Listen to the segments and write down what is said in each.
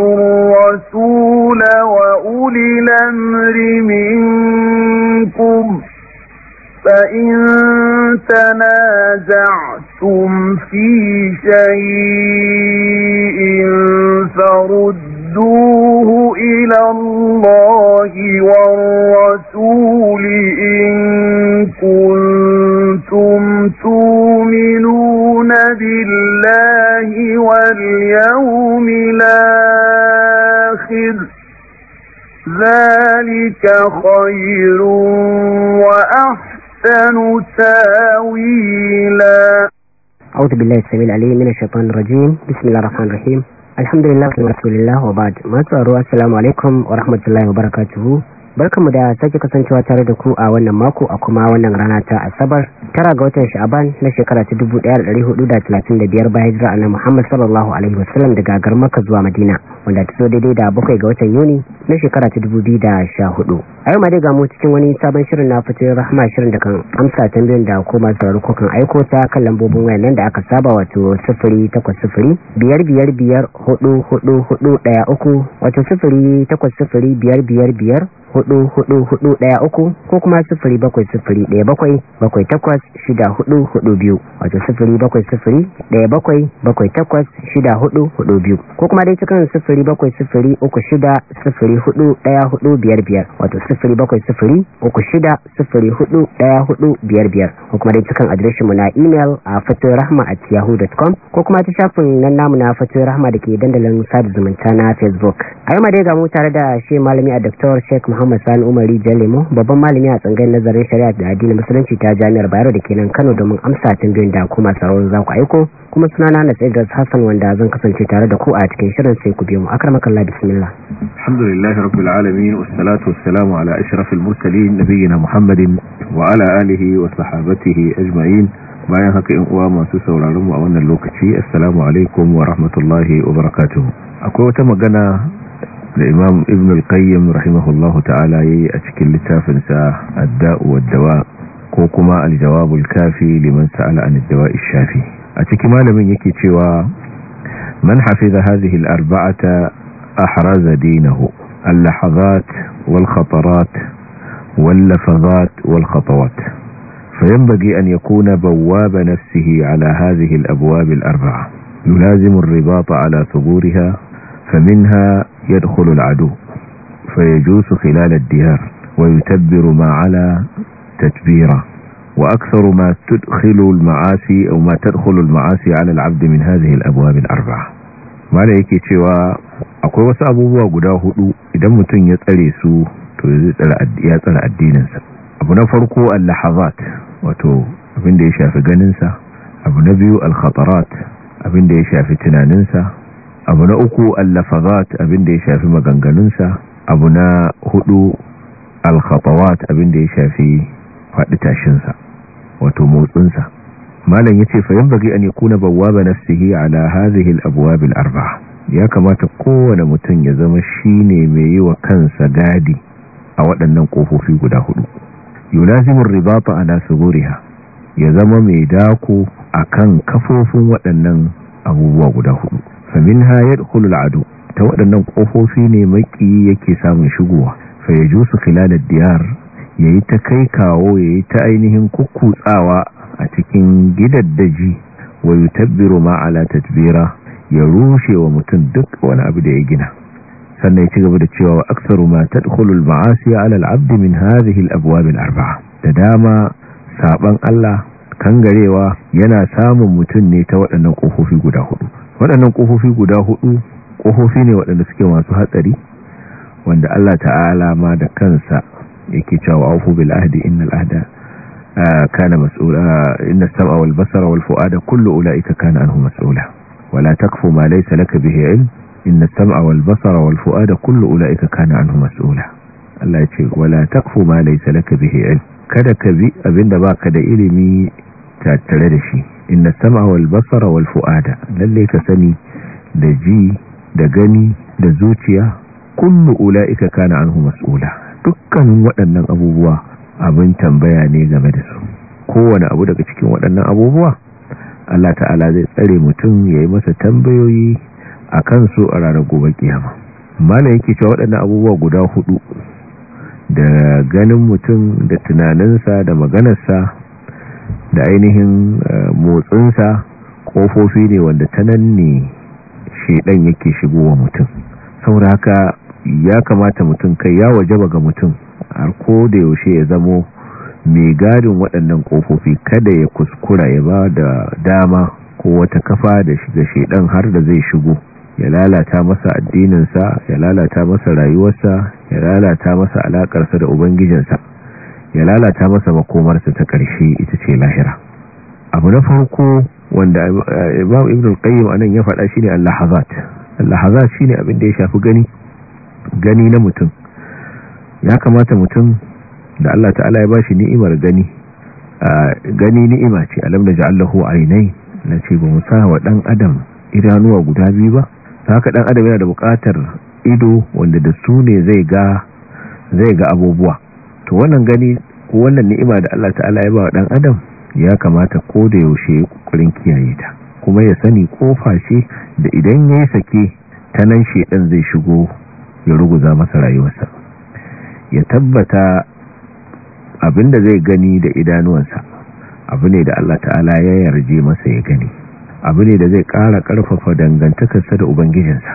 الرسول وأولي الأمر منكم فإن تنازعتم في شيء بالله السميع العليم من الشيطان الرجيم بسم الله الرحمن الرحيم الحمد لله ورسول الله وبعد ما السلام عليكم ورحمة الله وبركاته barkamu da sake kasancewa tare da ku a wannan mako a kuma wannan rana ta asabar tara ga watan sha'aban na shekara ta dubu da da dari hudu biyar bayan jira annabi Muhammad sallallahu alaihi wasallam daga garin Makka zuwa Madina wanda ta zo daidai da bakwai ga watan Yuni na shekara ta dubu biyu da sha hudu. a yau ma dai ga mu cikin wani sabon shirin na fitar rahama shirin da kan amsa tambayoyin da ko masu sauraro ko kan aiko ta kan lambobin wayan nan da aka saba wato takwas biyar-biyar-biyar hudu-hudu-hudu daya uku wato takwas biyar biyar hudu hudu hudu daya uku ko kuma sifiri bakwai sifiri daya bakwai bakwai takwas shida hudu hudu biyu wato sifiri bakwai sifiri daya bakwai bakwai takwas shida hudu hudu biyu ko kuma dai cikin sifiri bakwai sifiri uku shida sifiri hudu daya hudu biyar biyar wato sifiri bakwai sifiri uku shida sifiri hudu daya hudu biyar biyar ko kuma dai cikin adireshin mu na imel a fatorahma at yahoo.com ko kuma ta shafin nan namu na fatorahma da ke dandalin sada zumunta na facebook a yi ma dai ga mu tare da shi malami a dr sheik muhammad Muhammad Sani Umari Jalemo babban malami a tsangayin nazarin shari'a da addinin musulunci ta Jami'ar Bayero da kenan Kano domin amsa tambayoyin da kuma sauraron za ku aiko kuma sunana na Idris Hassan wanda zan kasance tare da ku a cikin shirin sai ku biyo mu akramakallah bismillah alhamdulillahi rabbil alamin wassalatu wassalamu ala ashrafil mursalin nabiyina Muhammadin wa ala alihi wa sahbatihi ajma'in bayan haka yan uwa masu sauraron mu a wannan lokaci assalamu alaikum wa rahmatullahi wa barakatuh akwai wata magana الإمام ابن القيم رحمه الله تعالى يأتكي اللتاف نساء الداء والدواء كوكما الجواب الكافي لمن سأل عن الدواء الشافي أتكي ما لم يكيتي من حفظ هذه الأربعة أحرز دينه اللحظات والخطرات واللفظات والخطوات فينبغي أن يكون بواب نفسه على هذه الأبواب الأربعة يلازم الرباط على ثبورها فمنها يدخل العدو فيجوس خلال الديار ويتبر ما على تتبيرا وأكثر ما تدخل المعاصي أو ما تدخل المعاصي على العبد من هذه الأبواب الأربعة ما لأيكي تشوى أقول وسأبوه وقداه إذا متن يتألي سوء يتألى الدين انسى أبنا فرقوا اللحظات وتو أبن ديشا في قننسى أبنا بيو الخطرات أبن ديشا في تنان انسى abu na uku abin da ya shafi maganganunsa abu na hudu abin da ya shafi faɗi tashinsa wato motsinsa malam yace fa yanbaghi an yakuna bawwaba nafsihi ala hadhihi al-abwab al-arba'a ya kamata kowane mutum ya zama shine mai yi wa kansa gadi a waɗannan kofofi guda hudu yulazimu ribata ala suguriha ya zama mai dako akan kafofin waɗannan abubuwa guda hudu faminha yadkhulu ado, ta waɗannan ƙofofi ne maki yake samun shigowa fa yajusu khilal ad-diyar yayi ta kai kawo yayi ta ainihin kukkutsawa a cikin gidaddaji wa yutabbiru ma ala tatbira ya rushe wa mutum duk wani abu da ya gina sannan ya ci gaba da cewa wa aksaru ma tadkhulu al-ma'asi ya alal abd min hadhihi al arbaa da dama saban Allah kangarewa yana samun mutum ne ta waɗannan ƙofofi guda hudu waɗannan ƙofofi guda hudu ƙofofi ne waɗanda suke masu hatsari wanda Allah ta'ala ma da kansa yake cewa aufu bil ahdi innal ahda kana mas'ula inna as-sam'a wal basara wal fu'ada kullu ulaika kana anhu mas'ula wala takfu ma laysa laka bihi ilm inna as-sam'a wal basara wal fu'ada kullu ulaika kana anhu mas'ula Allah ya ce wala takfu ma laysa laka bihi ilm kada ka bi abinda baka da ilimi tattare da shi inna sama wal basara wal fu'ada lalle ka sani da ji da gani da zuciya kullu ula'ika kana anhu mas'ula dukkanin waɗannan abubuwa abin tambaya ne game da su kowane abu daga cikin waɗannan abubuwa Allah ta'ala zai tsare mutum ya yi masa tambayoyi akan su a ranar gobe kiyama mana yake cewa waɗannan abubuwa guda hudu da ganin mutum da tunaninsa da maganarsa da ainihin eh, motsinsa kofofi ne wanda ta nan ne shaidan yake shigowa mutum saboda haka ya kamata mutum kai ya wajaba ga mutum har ko da yaushe ya zamo mai gadin waɗannan kofofi kada ya kuskura ya ba da dama ko wata kafa da shiga shaidan har da zai shigo ya lalata masa addininsa ya lalata masa rayuwarsa ya lalata masa alakarsa da ubangijinsa ya lalata masa makomarsa ta ƙarshe ita ce lahira abu na farko wanda eh, imam ibn al-qayyim anan ya faɗa shine al-lahazat al-lahazat shine abin da ya shafi gani gani na mutum ya kamata mutum da Allah ta'ala ya bashi ni'imar gani gani ni'ima ce alam da ja'allahu aynai ce ba musa wa dan adam idanuwa guda biyu ba haka dan adam yana da buƙatar ido wanda da su ne zai ga zai ga abubuwa to wannan gani ko wannan ni'ima da Allah ta'ala ya ba wa dan adam ya kamata ko da yaushe ya kokarin kiyaye ta kuma ya sani ko ce da idan yayi sake ta nan shedan zai shigo ya ruguza masa rayuwarsa ya tabbata abin da zai gani da idanuwansa abu ne da Allah ta'ala ya yarje masa ya gani abu ne da zai ƙara ƙarfafa dangantakarsa da ubangijinsa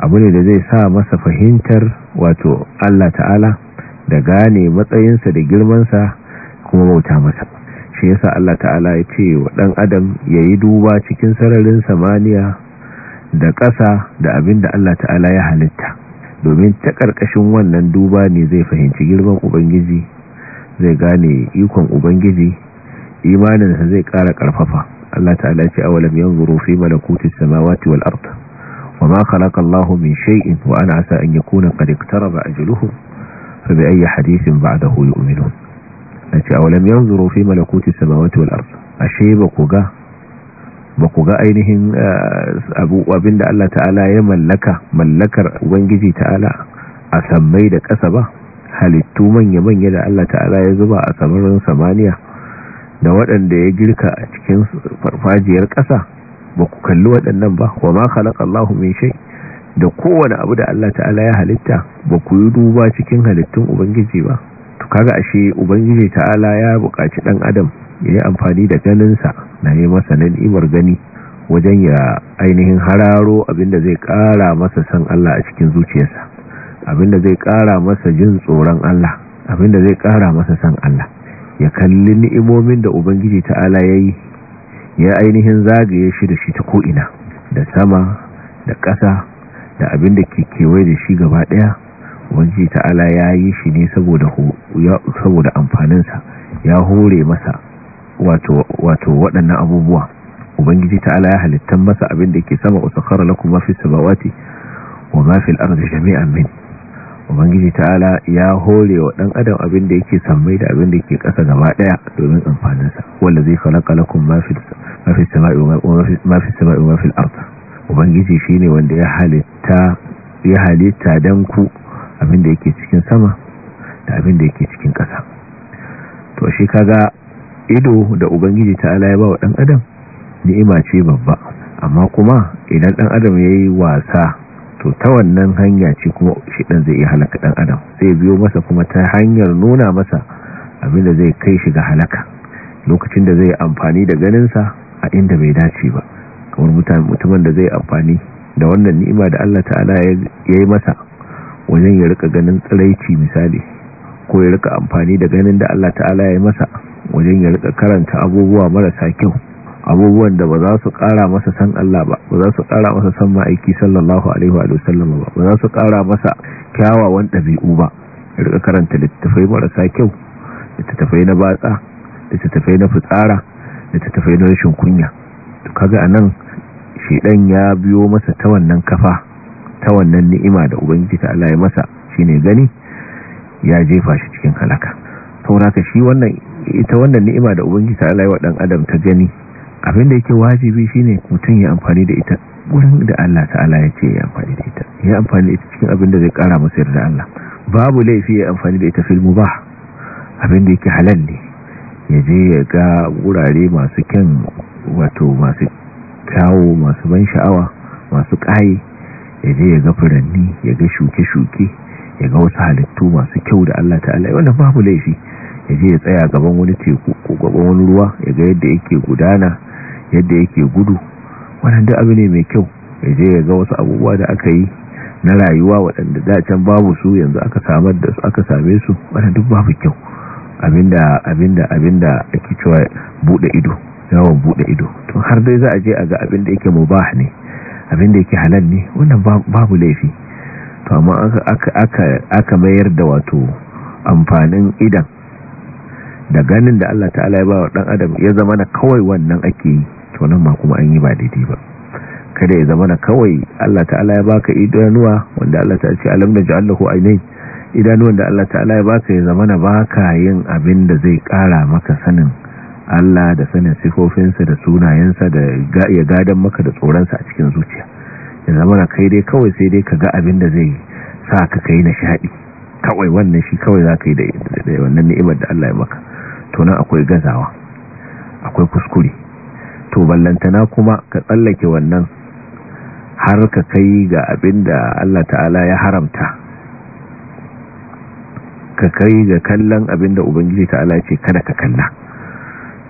abu ne da zai sa masa fahimtar wato Allah ta'ala da gane matsayinsa da girmansa kuma bauta masa shi yasa Allah ta'ala ya ce wa ɗan adam ya yi duba cikin sararin samaniya da ƙasa da abin da Allah ta'ala ya halitta domin ta ƙarƙashin wannan duba ne zai fahimci girman ubangiji zai gane ikon ubangiji imaninsa zai ƙara ƙarfafa Allah ta'ala ya ce awalam yanzuru fi malakutis samawati wal ard wa ma khalaqa Allahu min shay'in wa ana asa an yakuna qad a juluhu. fa bi ba hadithin ba'dahu yu'minun nace awalam yanzuru fi malakuti samawati wal ard ashe ba ku ga ba ku ga ainihin abu da Allah ta'ala ya mallaka mallakar ubangiji ta'ala a sammai da ƙasa ba halittu manya manya da Allah ta'ala ya zuba a samarin samaniya da waɗanda ya girka a cikin farfajiyar ƙasa ba ku kalli waɗannan ba wa ma khalaqa Allahu min shay' da kowane abu da Allah ta'ala ya halitta ba ku yi duba cikin halittun ubangiji ba to kaga ashe ubangiji ta'ala ya buƙaci ɗan adam ya yi amfani da ganinsa na yi masa ni'imar gani wajen ya ainihin hararo abinda zai ƙara masa san Allah a cikin zuciyarsa abinda zai ƙara masa jin tsoron Allah abinda zai ƙara masa san Allah ya kalli ni'imomin da ubangiji ta'ala ya yi ya ainihin zagaye shi da shi ta ko'ina da sama da ƙasa da abin da ke kewaye da shi gaba daya wajen ta'ala ya yi shi ne saboda amfaninsa ya hore masa wato waɗannan abubuwa ubangiji ta'ala ya halittar masa abin da ke sama usakara lakum ma fi samawati wa ma fi al jami'an min ubangiji ta'ala ya hore wa dan adam abin da yake sammai da abin da yake ƙasa gaba daya domin amfaninsa wanda zai khalaqa lakum ma fi samai wa ma fi samai wa ma fi ubangiji shine wanda ya halitta ya halitta dan ku abinda yake cikin sama da abinda yake cikin ƙasa to shi kaga ido da ubangiji ta ya ba wa ɗan adam ni'ima ce babba amma kuma idan ɗan adam yayi wasa to ta wannan hanya ce kuma shi dan zai iya halaka ɗan adam zai biyo masa kuma ta hanyar nuna masa abin da zai kai shi ga halaka lokacin da zai amfani da ganinsa a inda bai dace ba kamar mutumin da zai amfani da wannan ni'ima da Allah ta'ala ya yi masa wajen ya rika ganin tsiraici misali ko ya rika amfani da ganin da Allah ta'ala ya yi masa wajen ya rika karanta abubuwa marasa kyau abubuwan da ba za su kara masa san Allah ba ba za su kara masa san ma'aiki sallallahu alaihi wa sallam ba ba za su kara masa kyawawan ɗabi'u ba ya rika karanta littattafai marasa kyau littattafai na batsa littattafai na fitsara littattafai na rashin kunya kaga anan dan ya biyo masa ta wannan kafa ta wannan ni'ima da ubangiji ta Allah ya masa shine gani ya jefa shi cikin halaka sauraka shi wannan ita wannan ni'ima da ubangiji ta Allah ya wadan adam ta gani abin da yake wajibi shine mutum ya amfani da ita gurin da Allah ta'ala ya ce ya amfani da ita ya amfani da ita cikin abin da zai kara masa yarda Allah babu laifi ya amfani da ita fil mubah abin da yake halal ne ya je ya ga wurare masu kyan wato masu kyawo masu ban sha'awa masu ƙaye ya je ya ga furanni ya ga shuke-shuke ya ga wasu halittu masu kyau da Allah ta'ala wanda babu laifi ya je ya tsaya gaban wani teku ko gaban wani ruwa ya ga yadda yake gudana yadda yake gudu wannan abu ne mai kyau ya je ya ga wasu abubuwa da aka yi na rayuwa waɗanda da can babu su yanzu aka samar da su aka same su wannan duk babu kyau abinda abinda abinda ake cewa bude ido yawon bude ido tun har dai za a je a ga abin da yake mubah ne abin da yake halal ne wannan babu laifi to amma aka aka aka mayar da wato amfanin idan da ganin da Allah ta'ala ya ba wa dan adam ya zama na kawai wannan ake yi to nan ma kuma an yi ba daidai ba kada ya zama na kawai Allah ta'ala ya baka idanuwa wanda Allah ta ce alam da ja'alahu aynay idanuwan da Allah ta'ala ya baka ya zama na baka yin abin da zai kara maka sanin Allah da sanin sifofinsa da sunayensa da ya gadon maka da tsoronsa a cikin zuciya ya zama na kai dai kawai sai dai ka ga abin da zai sa ka kai na shaɗi kawai wannan shi kawai za ka yi da wannan ni'imar da Allah ya maka to nan akwai gazawa akwai kuskure to ballantana kuma ka tsallake wannan har ka kai ga abin da Allah ta'ala ya haramta ka kai ga kallon abin da Ubangiji ta'ala ce kada ka kalla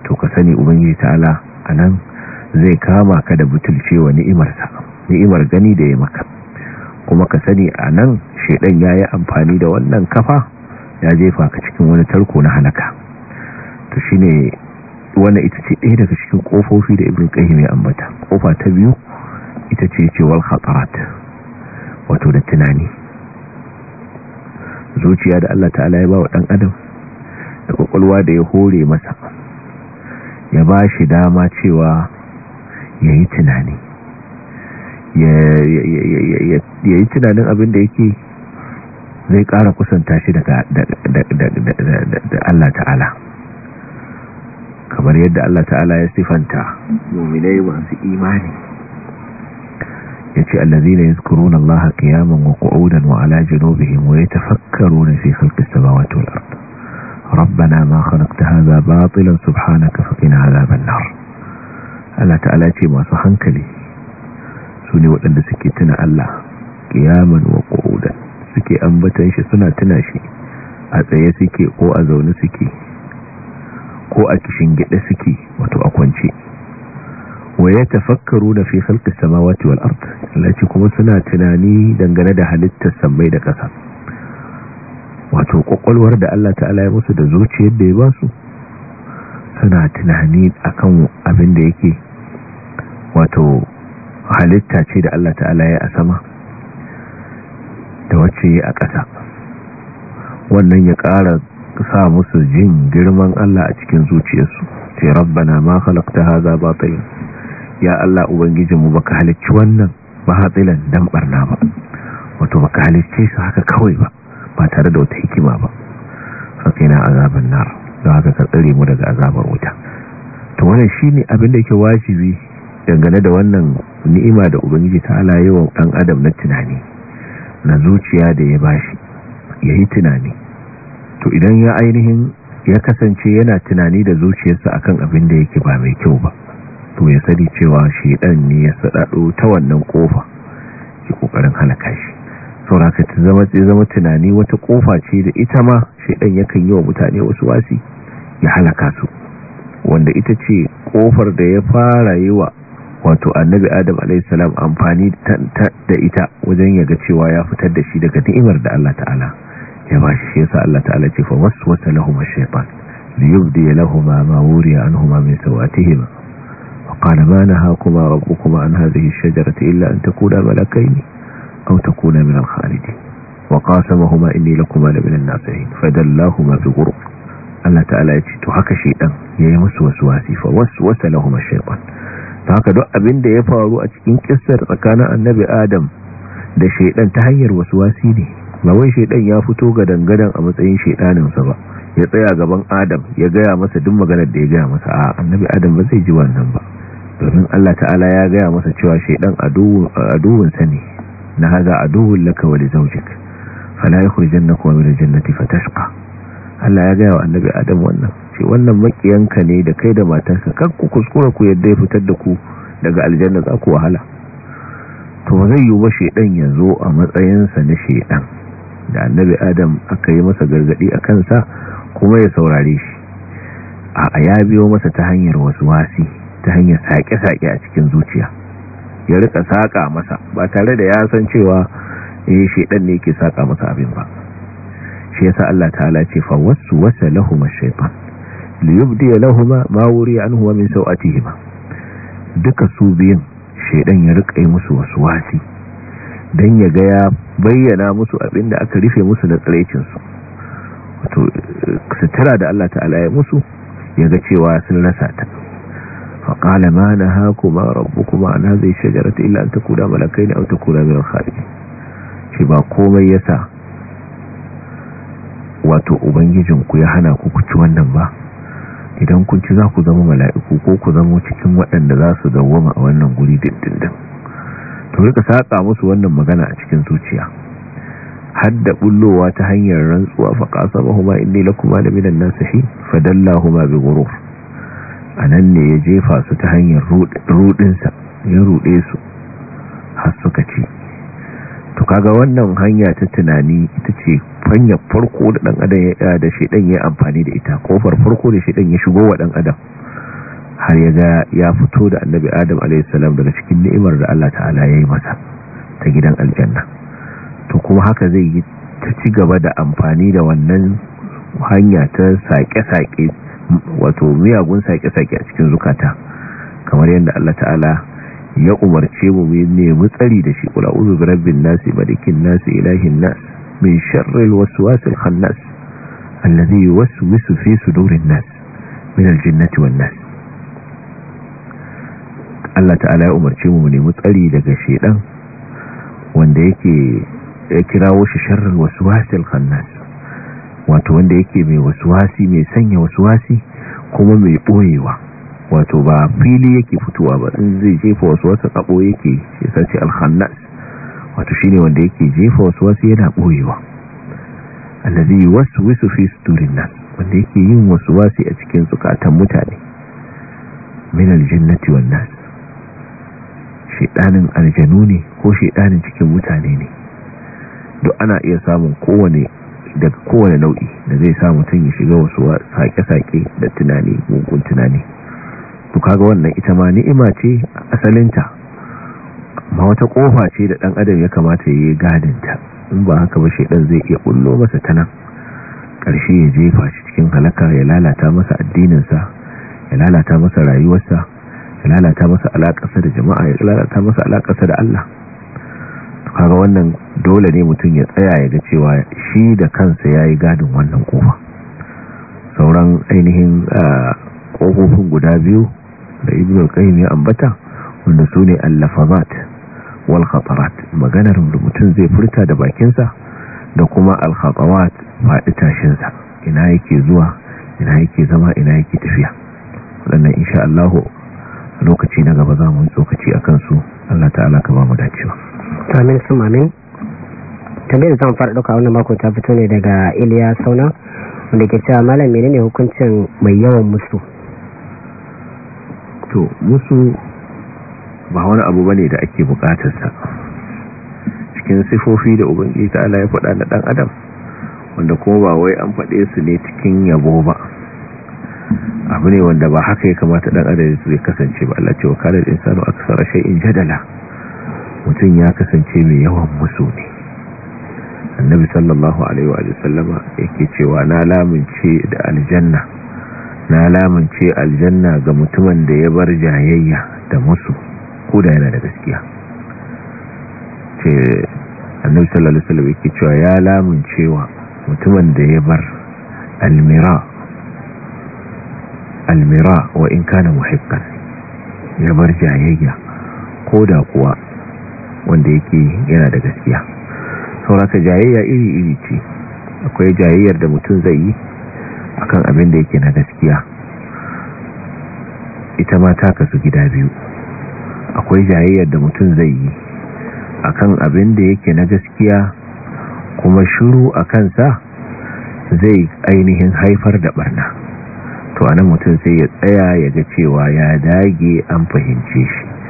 to ka sani ubangiji ta'ala anan zai kama ka da butulce wa ni'imarsa ni'imar gani da ya maka kuma ka sani anan shedan yayi amfani da wannan kafa ya jefa ka cikin wani tarko na halaka to shine wannan ita ce ɗaya daga cikin kofofi da ibn qayyim ya ambata kofa ta biyu ita ce cewar khatarat wato da tunani zuciya da Allah ta'ala ya ba wa dan adam da ƙwaƙwalwa da ya hore masa ya ba shi dama cewa ya yi tunani ya yi tunanin abin da yake zai ƙara kusanta shi da Allah ta'ala kamar yadda Allah ta'ala ya sifanta muminai masu imani ya ce allazi ne yaskuruna Allah qiyaman wa qu'udan wa ala junubihim ya yatafakkaruna fi sifar samawati wal ardh rabbana ma khalaqta hadha batilan subhanaka faqina adhaban nar Allah ta'ala ce masu hankali su ne waɗanda suke tuna Allah qiyaman wa qu'udan suke ambatan shi suna tuna shi a tsaye suke ko a zaune suke ko a kishin gida suke wato a kwance wa ya tafakkaru na fi halkar samawati wal ard lati kuma suna tunani dangane da halittar sammai da ƙasa wato kwakwalwar da Allah ta'ala ya musu da zuciyar da ya ba su suna tunani a kan abin da yake wato halitta ce da Allah ta'ala ya a sama da wacce ya a ƙasa wannan ya ƙara sa musu jin girman Allah a cikin zuciyarsu sai rabbana ma khalaqta hadha batil ya Allah ubangijinmu baka halicci wannan ba hatsilan dan barna ba wato baka halicce su haka kawai ba ba tare da wata hikima ba faƙina azaban nar don haka ka tsare mu daga azabar wuta to wannan shine abin da yake wajibi dangane da wannan ni'ima da ubangiji ta halaye yawan ɗan adam na tunani na zuciya da ya bashi ya yi tunani to idan ya ainihin ya kasance yana tunani da zuciyarsa akan abin da yake ba mai kyau ba to ya sani cewa shedan ne ya sadado ta wannan ƙofa ki ƙoƙarin halaka shi sauraka ta zama ce zama tunani wata kofa ce da ita ma shaidan yakan yi wa mutane wasu wasi ya halaka su wanda ita ce kofar da ya fara yi wa wato annabi adam salam amfani da ita wajen yaga cewa ya fitar da shi daga ni'imar da Allah ta'ala ya ba shi yasa Allah ta'ala ce fa waswasa lahum ash-shaytan yubdi lahum ma wuriya anhuma min sawatihim wa qala ma nahakuma rabbukuma an hadhihi ash-shajarati illa an takuna malakayni aw takuna min al-khalidin wa qasamahuma inni lakuma la min an-nasihin fadallahuma bi ghurur Allah ta'ala ya ce to haka shedan yayi musu wasi fa wasu lahum ash-shaytan ta haka duk abin da ya faru a cikin kissar tsakanin annabi Adam da shedan ta hanyar wasu wasi ne Baban wai ya fito ga dangadan a matsayin shedanin sa ba ya tsaya gaban Adam ya gaya masa duk maganar da ya gaya masa a annabi Adam ba zai ji wannan ba domin Allah ta'ala ya gaya masa cewa shaidan aduwun ne Na haza a laka wa li zawjik fala yukhrijannaka min al-jannati fatashqa Allah ya gaya wa annabi Adam wannan ce wannan makiyanka ne da kai da matarsa kan ku kuskura ku yadda ya fitar da ku daga aljanna za ku wahala to zai yi ba shedan ya zo a matsayinsa na shedan da annabi Adam aka yi masa gargadi a kansa kuma ya saurare shi a ya biyo masa ta hanyar wasu wasi ta hanyar sake-sake a cikin zuciya ya rika saka masa ba tare da ya san cewa eh shedan ne ke saka masa abin ba shi yasa Allah ta'ala ce fa wasu wasa lahum ash-shaytan lahum ma wuri anhu wa min sawatihim duka su biyan shedan ya rika yi musu wasi. dan ya ga ya bayyana musu abin da aka rufe musu na tsarecin su wato eh, sutura da Allah ta'ala ya musu ya ga cewa sun rasa ta فقال ما نهاكما ربكما عن هذه الشجرة إلا أن تكونا ملكين أو تكونا من الخالدين shi ba komai yasa wato ku ya hana ku kuci wannan ba idan kun ci za ku zama mala'iku ko ku zama cikin waɗanda za su dawwama a wannan guri dindindin to rika saka musu wannan magana a cikin zuciya hadda bullowa ta hanyar rantsuwa fa qasama huma inni lakuma la minan nasihin fadallahuma bi ghurur a ne ya jefa su ta hanyar rudinsa ya rude su har suka ce to kaga wannan hanya ta tunani ita ce hanyar farko da dan adam ya da shi dan ya amfani da ita kofar farko da shi dan ya shigo wa dan adam har ya ga ya fito da annabi adam salam daga cikin ni'imar da Allah ta'ala ya yi masa ta gidan aljanna to kuma haka zai yi ta ci gaba da amfani da wannan hanya ta sake-sake wato miyagun sake-sake a cikin zukata kamar yadda Allah ta'ala ya umarce mu mu nemi tsari da shi kula uzu rabbin nasi malikin nasi ilahin nas min sharril waswasil khannas alladhi yuwaswisu fi sudurin nas min aljinnati wan nas Allah ta'ala ya umarce mu mu nemi tsari daga shedan wanda yake ya kirawo shi sharril waswasil khannas wato wanda yake mai wasu wasi mai sanya wasu wasi kuma mai boyewa wato ba fili yake fitowa ba in zai jefa wasu wasu, kabo yake ya sace alhannas wato shine wanda yake jefa wasu wasu, yana boyewa allazi waswisu fi sudurin nas wanda yake yin wasu wasu a cikin zukatan mutane min aljannati wan nas shedanin aljanu ne ko shedanin cikin mutane ne duk ana iya samun kowane daga kowane nau'i da zai sa mutum ya shiga wasu sake-sake da tunani mugun tunani to kaga wannan ita ma ni'ima ce asalinta ma wata kofa ce da dan adam ya kamata ya yi gadinta in ba haka ba shedan zai iya bullo masa nan. karshe ya jefa shi cikin halaka ya lalata masa addininsa ya lalata masa rayuwarsa ya lalata masa alakarsa da jama'a ya lalata masa alakarsa da Allah kaga wannan dole ne mutum ya tsaya ya ga cewa shi da kansa ya yi gadin wannan kofa sauran ainihin ah, kofofin guda biyu da ibn al ne ya ambata wanda su ne al-lafazat maganar da mutum zai furta da bakinsa da kuma al faɗi tashinsa ina yake zuwa ina yake zama ina yake tafiya waɗannan insha Allah lokaci na gaba za mu yi tsokaci a kansu Allah ta'ala ka ba mu dacewa amin sun amin da zan fara ɗauka wannan makon ta fito ne daga iliya sauna wanda ke cewa malam ne hukuncin mai yawan musu to musu ba wani abu bane da ake bukatarsa cikin sifofi da ubangi ta ala ya faɗa na ɗan adam wanda kuma ba wai an faɗe su ne cikin yabo ba abu ne wanda ba haka ya kamata ɗan adam zai kasance ba Allah ce wa kalar insanu aksara in jadala mutum ya kasance mai yawan musu ne annabi sallallahu alaihi wa sallama yake cewa na lamince da aljanna na lamince aljanna ga mutumin da ya bar jayayya da musu ko da yana da gaskiya ce annabi sallallahu alaihi wa sallama yake cewa ya wa mutumin da ya bar almira almira wa in kana muhibban ya bar jayayya ko da kuwa wanda yake yana da gaskiya sauraka jayayya iri-iri ce akwai jayayyar da mutum zai yi a kan abin da yake na gaskiya ita ma ta kasu gida biyu akwai jayayyar da mutum zai yi a kan abin da yake na gaskiya kuma shuru a kansa zai ainihin haifar da barna to anan mutum sai ya tsaya ya ga cewa ya dage an fahimce shi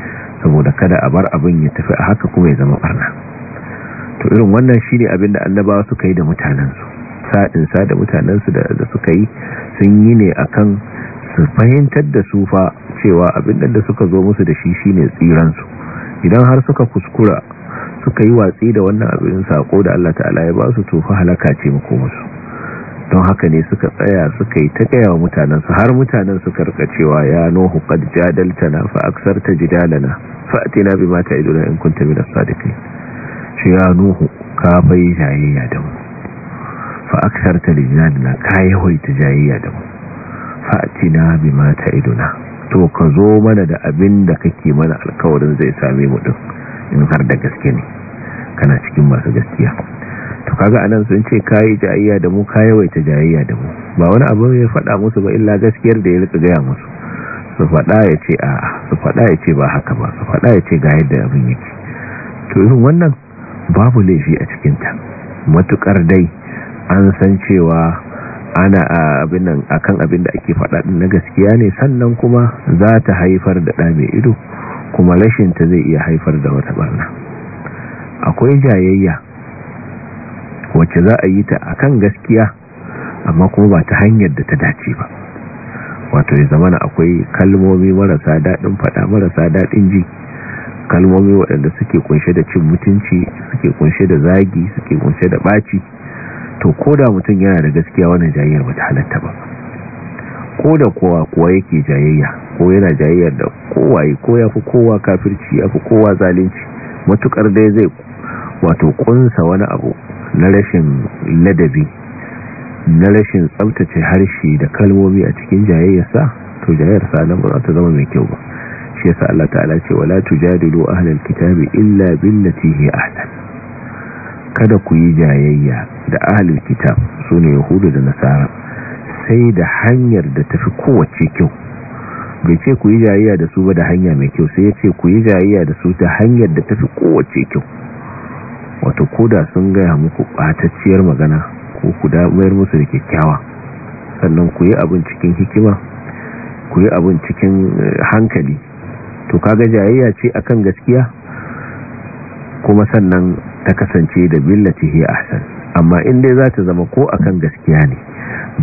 saboda kada a bar abin ya tafi a haka kuma ya zama barna to irin wannan shi ne abin da annabawa suka yi da mutanensu sa'in sa da mutanensu da suka yi sun yi ne akan su fahimtar da su fa cewa abin da suka zo musu da shi shine tsiransu idan har suka kuskura suka yi watsi da wannan abin sako da Allah ta'ala ya ba su tufa halaka ce muku musu don haka ne suka tsaya suka yi ta gaya wa mutanensu har mutanen suka rika cewa ya nuhu qad jadaltana fa aksarta jidalana fa atina bima ta'iduna in kunta minas sadiqin shi ya nuhu ka bai jayayya da mu fa aksarta jidalana ka ta jayayya da mu fa atina bima ta'iduna to ka zo mana da abin da kake mana alkawarin zai same mu din in har da gaske ne kana cikin masu gaskiya to kaga anan sun ce kai jayayya da mu kai yawaita jayayya da mu ba wani abu ya faɗa musu ba illa gaskiyar da ya rika gaya musu su faɗa ya ce a'a su faɗa ya ce ba haka ba su faɗa ya ce ga yadda abin yake to irin wannan babu laifi a cikin ta matukar dai an san cewa ana abin nan akan abin da ake faɗa na gaskiya ne sannan kuma za ta haifar da ɗa mai ido kuma rashin ta zai iya haifar da wata barna akwai jayayya wacce za a yi ta a kan gaskiya amma kuma ba ta hanyar da ta dace ba wato ya zamana akwai kalmomi marasa daɗin faɗa marasa daɗin ji kalmomi waɗanda suke kunshe da cin mutunci suke kunshe da zagi suke kunshe da ɓaci to ko da mutum yana da gaskiya wannan jayayyar ba ta halatta ba ko da kowa kuwa yake jayayya ko yana jayayyar da kowaye ko ya fi kowa kafirci ya fi kowa zalunci matukar dai zai wato ƙunsa wani abu na rashin ladabi na rashin tsabtace harshe da kalmomi a cikin jayayyarsa to jayayyarsa nan ba ta zama mai kyau ba shi yasa Allah ta'ala ce wala tujadilu ahlal kitabi illa billati hi ahlan kada ku yi jayayya da ahlul kitab sune yahudu da nasara sai da hanyar da tafi kowace kyau bai ce ku yi jayayya da su ba da hanya mai kyau sai ya ce ku yi jayayya da su ta hanyar da tafi kowace kyau wato koda sun gaya muku ɓatacciyar magana ko ku mayar musu da kyakkyawa sannan ku yi abin cikin hikima ku yi abin cikin eh, hankali to kaga jayayya ce akan gaskiya kuma sannan ta kasance da billati hiya ahsan amma in dai za ta zama ko akan gaskiya ne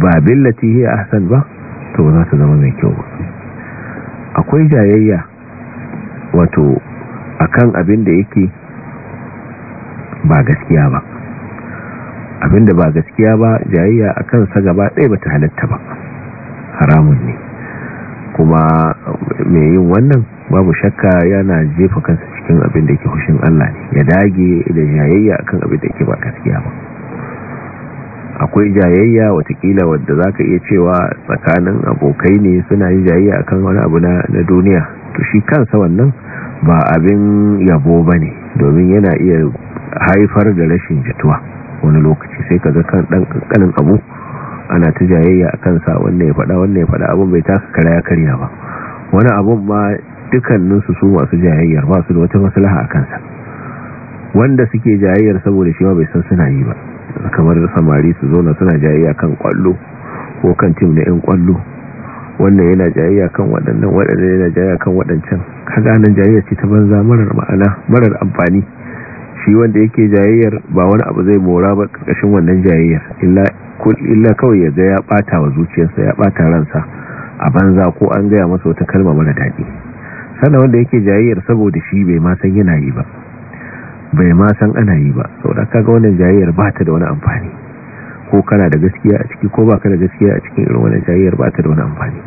ba billati hiya ahsan ba to za ta zama mai kyau ba akwai jayayya wato akan abin da yake ba gaskiya ba abinda ba gaskiya ba jayayya a kansa gaba ɗaya ta halatta ba haramun ne kuma mai yin wannan babu shakka yana jefa kansa cikin abin da ke hushin Allah ne ya dage da jayayya kan abin da ke ba gaskiya ba akwai jayayya watakila wadda za ka iya cewa tsakanin abokai ne suna yi jayayya a kan wani abu na duniya to shi kansa wannan ba abin yabo ba ne domin yana iya haifar da rashin jituwa wani lokaci sai ka zaka dan kankanin abu ana ta jayayya a kansa wanda ya faɗa wanda ya faɗa abin bai taka kara ya karya ba wani abu ma dukkaninsu su masu jayayyar ba su da wata maslaha a kansa wanda suke jayayyar saboda shi ma bai san suna yi ba kamar samari su zo na suna jayayya kan kwallo ko kan tim na 'yan kwallo wannan yana jayayya kan waɗannan waɗannan yana jayayya kan waɗancan kaga nan jayayya ce ta banza marar ma'ana marar amfani shi wanda yake jayayyar ba wani abu zai mora ba ƙarƙashin wannan jayayyar illa kawai ya ga ya ɓata wa zuciyarsa ya ɓata ransa a banza ko an gaya masa wata kalma mara daɗi sannan wanda yake jayayyar saboda shi bai ma san yana yi ba bai ma san ana yi ba sau da kaga wannan jayayyar ba ta da wani amfani ko kana da gaskiya a ciki ko ba ka da gaskiya a cikin irin wannan jayayyar ba ta da wani amfani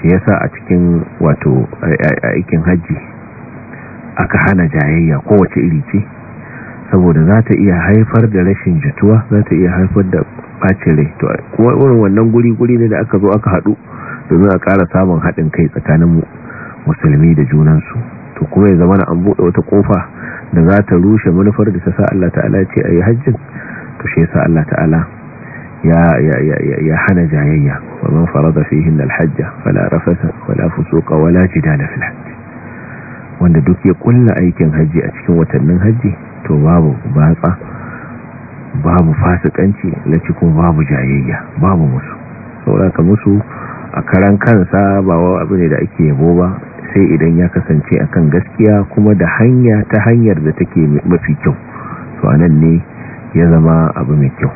shi yasa a cikin wato aikin hajji aka hana jayayya kowace iri ce saboda za ta iya haifar da rashin jituwa za ta iya haifar da bacin rai to kuma irin wannan guri-guri ne da aka zo aka haɗu domin a ƙara samun haɗin kai tsakanin musulmi da junansu to kuma ya zama na an buɗe wata ƙofa da za ta rushe manufar da ta sa Allah ta'ala ce a yi hajjin to shi sa Allah ta'ala ya hana jayayya wa man farada fihin alhajja fala rafasa wala fusuqa wala jidala fil hajj wanda duk ya kulla aikin haji a cikin watannin haji to babu batsa babu fasikanci na cikin babu jayayya babu musu sauraka musu a karan kansa ba wa abu ne da ake yabo ba sai idan ya kasance a kan gaskiya kuma da hanya ta hanyar da take mafi kyau to anan ne ya zama abu mai kyau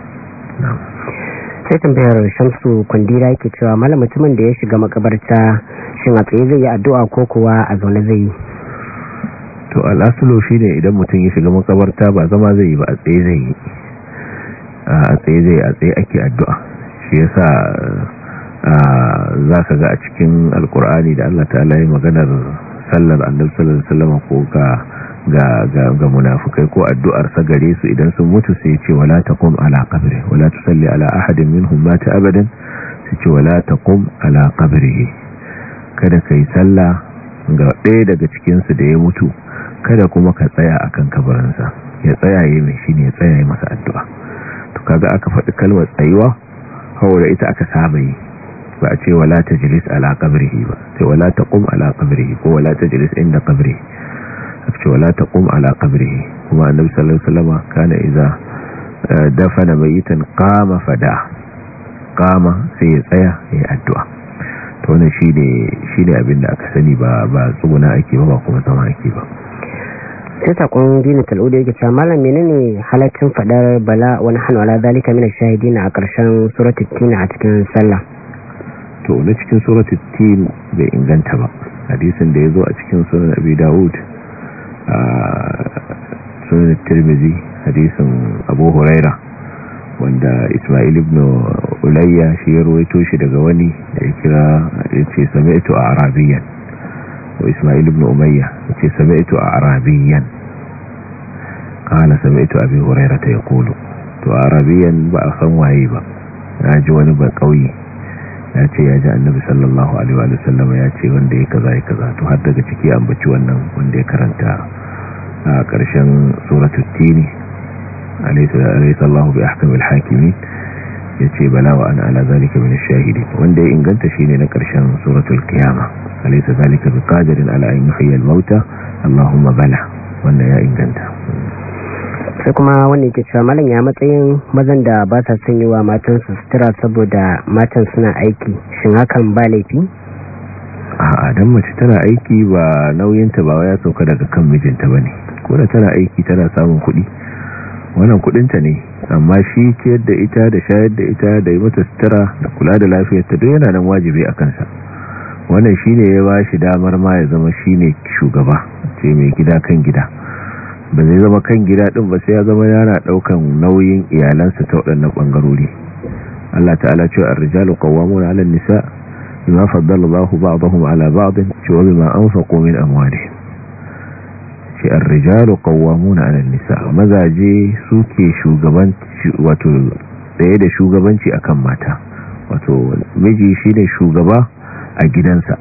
sai tambayar shamsu kundira yake cewa mallam mutumin da ya shiga makabarta shin a tsaye zai yi addu'a ko kuwa a zaune zai yi to al'asulu shi ne idan mutum ya shiga makabarta ba zama zai yi ba a tsaye zai yi a tsaye zai a tsaye ake addu'a shi yasa za ka ga a cikin alkur'ani da allah ta'ala yi maganar sallar annal sallar salama ko ga ga munafukai ko addu'ar sa gare su idan sun mutu sai ce wala taqum ala qabri wala tusalli ala ahadin minhum mata abadin su ce wala taqum ala qabrihi kada yi sallah ga ɗaya daga cikinsu da ya mutu kada kuma ka tsaya akan kabarinsa ya tsaya yi mai shi ne ya tsaya yi masa addu'a to kaga aka faɗi kalmar tsayuwa haura ita aka saba yi ba a ce wala ta jilis ala kabrihi ba sai wala ta kum ala kabrihi ko wala ta jilis inda kabrihi a ce wala ta kum ala kabrihi kuma annabi sallallahu alaihi wasallam kana iza eh, dafana mayitan qama fada qama sai ya tsaya ya addu'a to wannan shine abin da aka sani ba ba tsuguna ake ba ba kuma zama ake ba sai sakon dina tal'udu yake cewa malam menene halaccin fadar bala wani hanwala zalika mina shahidina a ƙarshen suratul a cikin sallah to na cikin suratul bai inganta ba hadisin da ya zo a cikin sunan abi dawud a sunan tirmidhi hadisin abu huraira wanda ismail ibn ulayya shi ya ruwaito shi daga wani da ya kira ya ce a arabiyan wa ismail ibn umayya ya ce a arabiyan qala sami'tu abi hurairata yaqulu to arabiyan ba a san waye ba na ji wani ba kauye ya ce ya ji annabi sallallahu alaihi wa sallam ya ce wanda ya kaza kaza to har daga ciki an baci wannan wanda ya karanta a ƙarshen suratul tini alaihi sallahu bi ahkamil hakimin ya ce bala wa ana ala zalika min shahidi wanda ya inganta shine na ƙarshen suratul qiyama alaihi zalika bi qadirin ala an yuhyi al mauta allahumma bala wanda ya inganta sai kuma wani ke cewa malam ya matsayin mazan da ba sa son yi wa matan sutura saboda matan suna aiki shin hakan ba laifi a don mace tana aiki ba nauyinta ba ya sauka daga kan mijinta ba ne ko da tana aiki tana samun kuɗi wannan kuɗinta ne amma shi ciyar da ita da shayar da ita da yi mata sutura da kula da lafiyarta duk yana nan wajibi a kansa wannan shi ne ya ba shi damar ma ya zama shi ne shugaba ce mai gida kan gida ba zai zama kan gida din ba sai ya zama yana daukan nauyin iyalansa ta waɗannan bangarori Allah ta'ala ce ar-rijalu qawwamuna 'ala an-nisa bima faddala Allahu ba'dahum 'ala ba'd wa bima anfaqu min amwalihim ce ar-rijalu qawwamuna 'ala an-nisa mazaje suke shugabanci wato tsaye da shugabanci akan mata wato miji shine shugaba a gidansa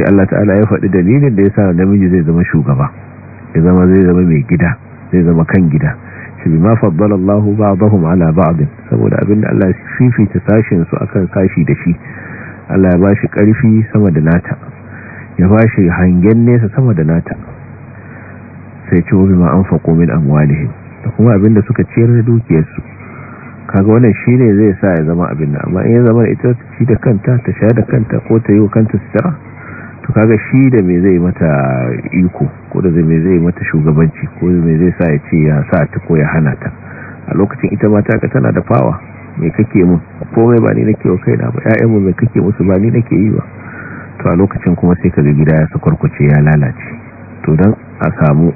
sai Allah ta'ala ya faɗi dalilin da yasa namiji zai zama shugaba ya zama zai zama mai gida zai zama kan gida shi bi ma faddalallahu ba'dahum ala ba'd saboda abinda Allah ya fifita sashin su akan sashi da shi Allah ya bashi karfi sama da nata ya bashi hangen nesa sama da nata sai ce wabi ma anfaqu min amwalihim da kuma abinda suka ciyar da dukiyarsu kaga wannan shine zai sa ya zama abin amma in ya zama ita ci da kanta ta sha da kanta ko ta yi wa kanta sitara. to kaga shi da me zai mata iko ko da me zai mata shugabanci ko me zai sa ya ce ya sa ta ko ya hana ta a lokacin ita ma ka tana da fawa me kake mun komai ba ni nake wa kaina ba ƴaƴan mu me kake musu ba ni nake yi ba to a lokacin kuma sai ka ga gida ya sakwarkuce ya lalace to dan a samu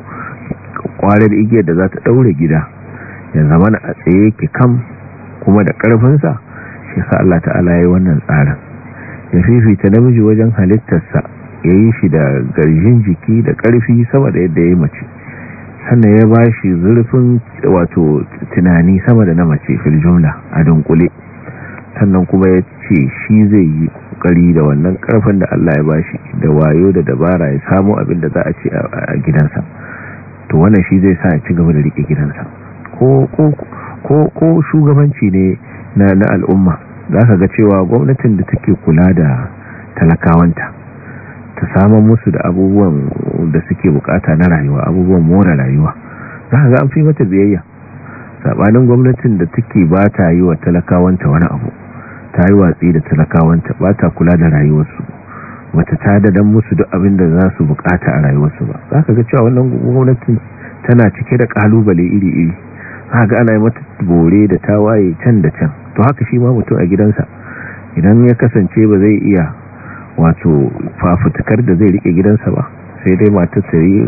kwarar igiyar da za ta daure gida ya zama na a tsaye ki kam kuma da sa shi sa Allah ta'ala ya wannan tsarin ya fifita namiji wajen halittarsa ya yi shi da garjin jiki da karfi sama da yadda ya yi mace sannan ya ba shi zurfin wato tunani sama da na mace fil a dunkule sannan kuma ya ce shi zai yi kokari da wannan karfin da Allah ya ba shi da wayo da dabara ya samu abin da za a ce a gidansa to wannan shi zai sa ya ci gaba da rike gidansa ko shugabanci ne na al'umma za ka ga cewa gwamnatin da take kula da talakawanta ta saman musu da abubuwan da suke bukata na rayuwa abubuwan more rayuwa za ga za'a fi mata biyayya sabanin gwamnatin da take ba ta yi wa talakawanta wani abu ta yi watsi da talakawanta ba ta kula da rayuwarsu bata don musu duk abin da za su bukata a rayuwarsu ba za ka ga cewa wannan gwamnatin tana cike da kalubale iri-iri za ga ana yi mata bore da ta waye can da can to haka shi ma mutum a gidansa idan ya kasance ba zai iya wato fafutukar da zai rike gidansa ba sai dai matar ta yi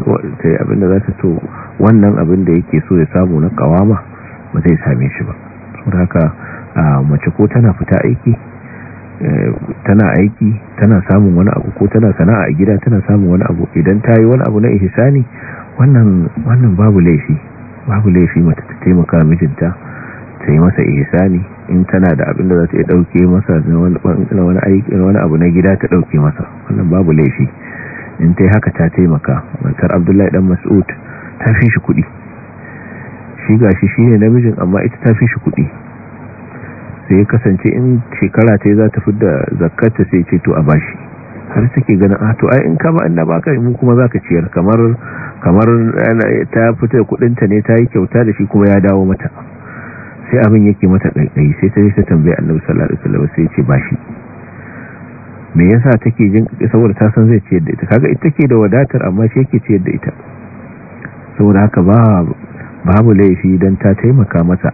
abin da za ta to wannan abin da yake so ya samu na kawama ba zai same shi ba saboda haka mace ko tana fita aiki eh, tana aiki tana samun wani abu ko tana sana'a a gida tana samun wani abu idan ta yi wani abu na ihsani wannan wannan babu laifi babu laifi mata ta taimaka mijinta ta yi masa ihsani in tana da abin da za ta iya dauke masa na wani abu na gida ta dauke masa wannan babu laifi in ta yi haka ta taimaka matar abdullahi dan mas'ud ta fi shi kuɗi shi ga shi ne namijin amma ita ta fi shi kuɗi sai ya kasance in shekara ta yi za ta fi da zakata sai ce to a bashi har take ganin a ah, to ai in ka ba da baka mu kuma za ka ciyar kamar kamar ta fita kuɗinta ne ta yi kyauta da shi kuma ya dawo mata sai abin yake mata kaikai sai ta yi ta tambaye annabi sallallahu alaihi wasallam sai ya ce ba shi me yasa take jin saboda ta san zai ce da ita kaga ita ke da wadatar amma shi yake ce da ita saboda haka ba babu laifi dan ta taimaka mata,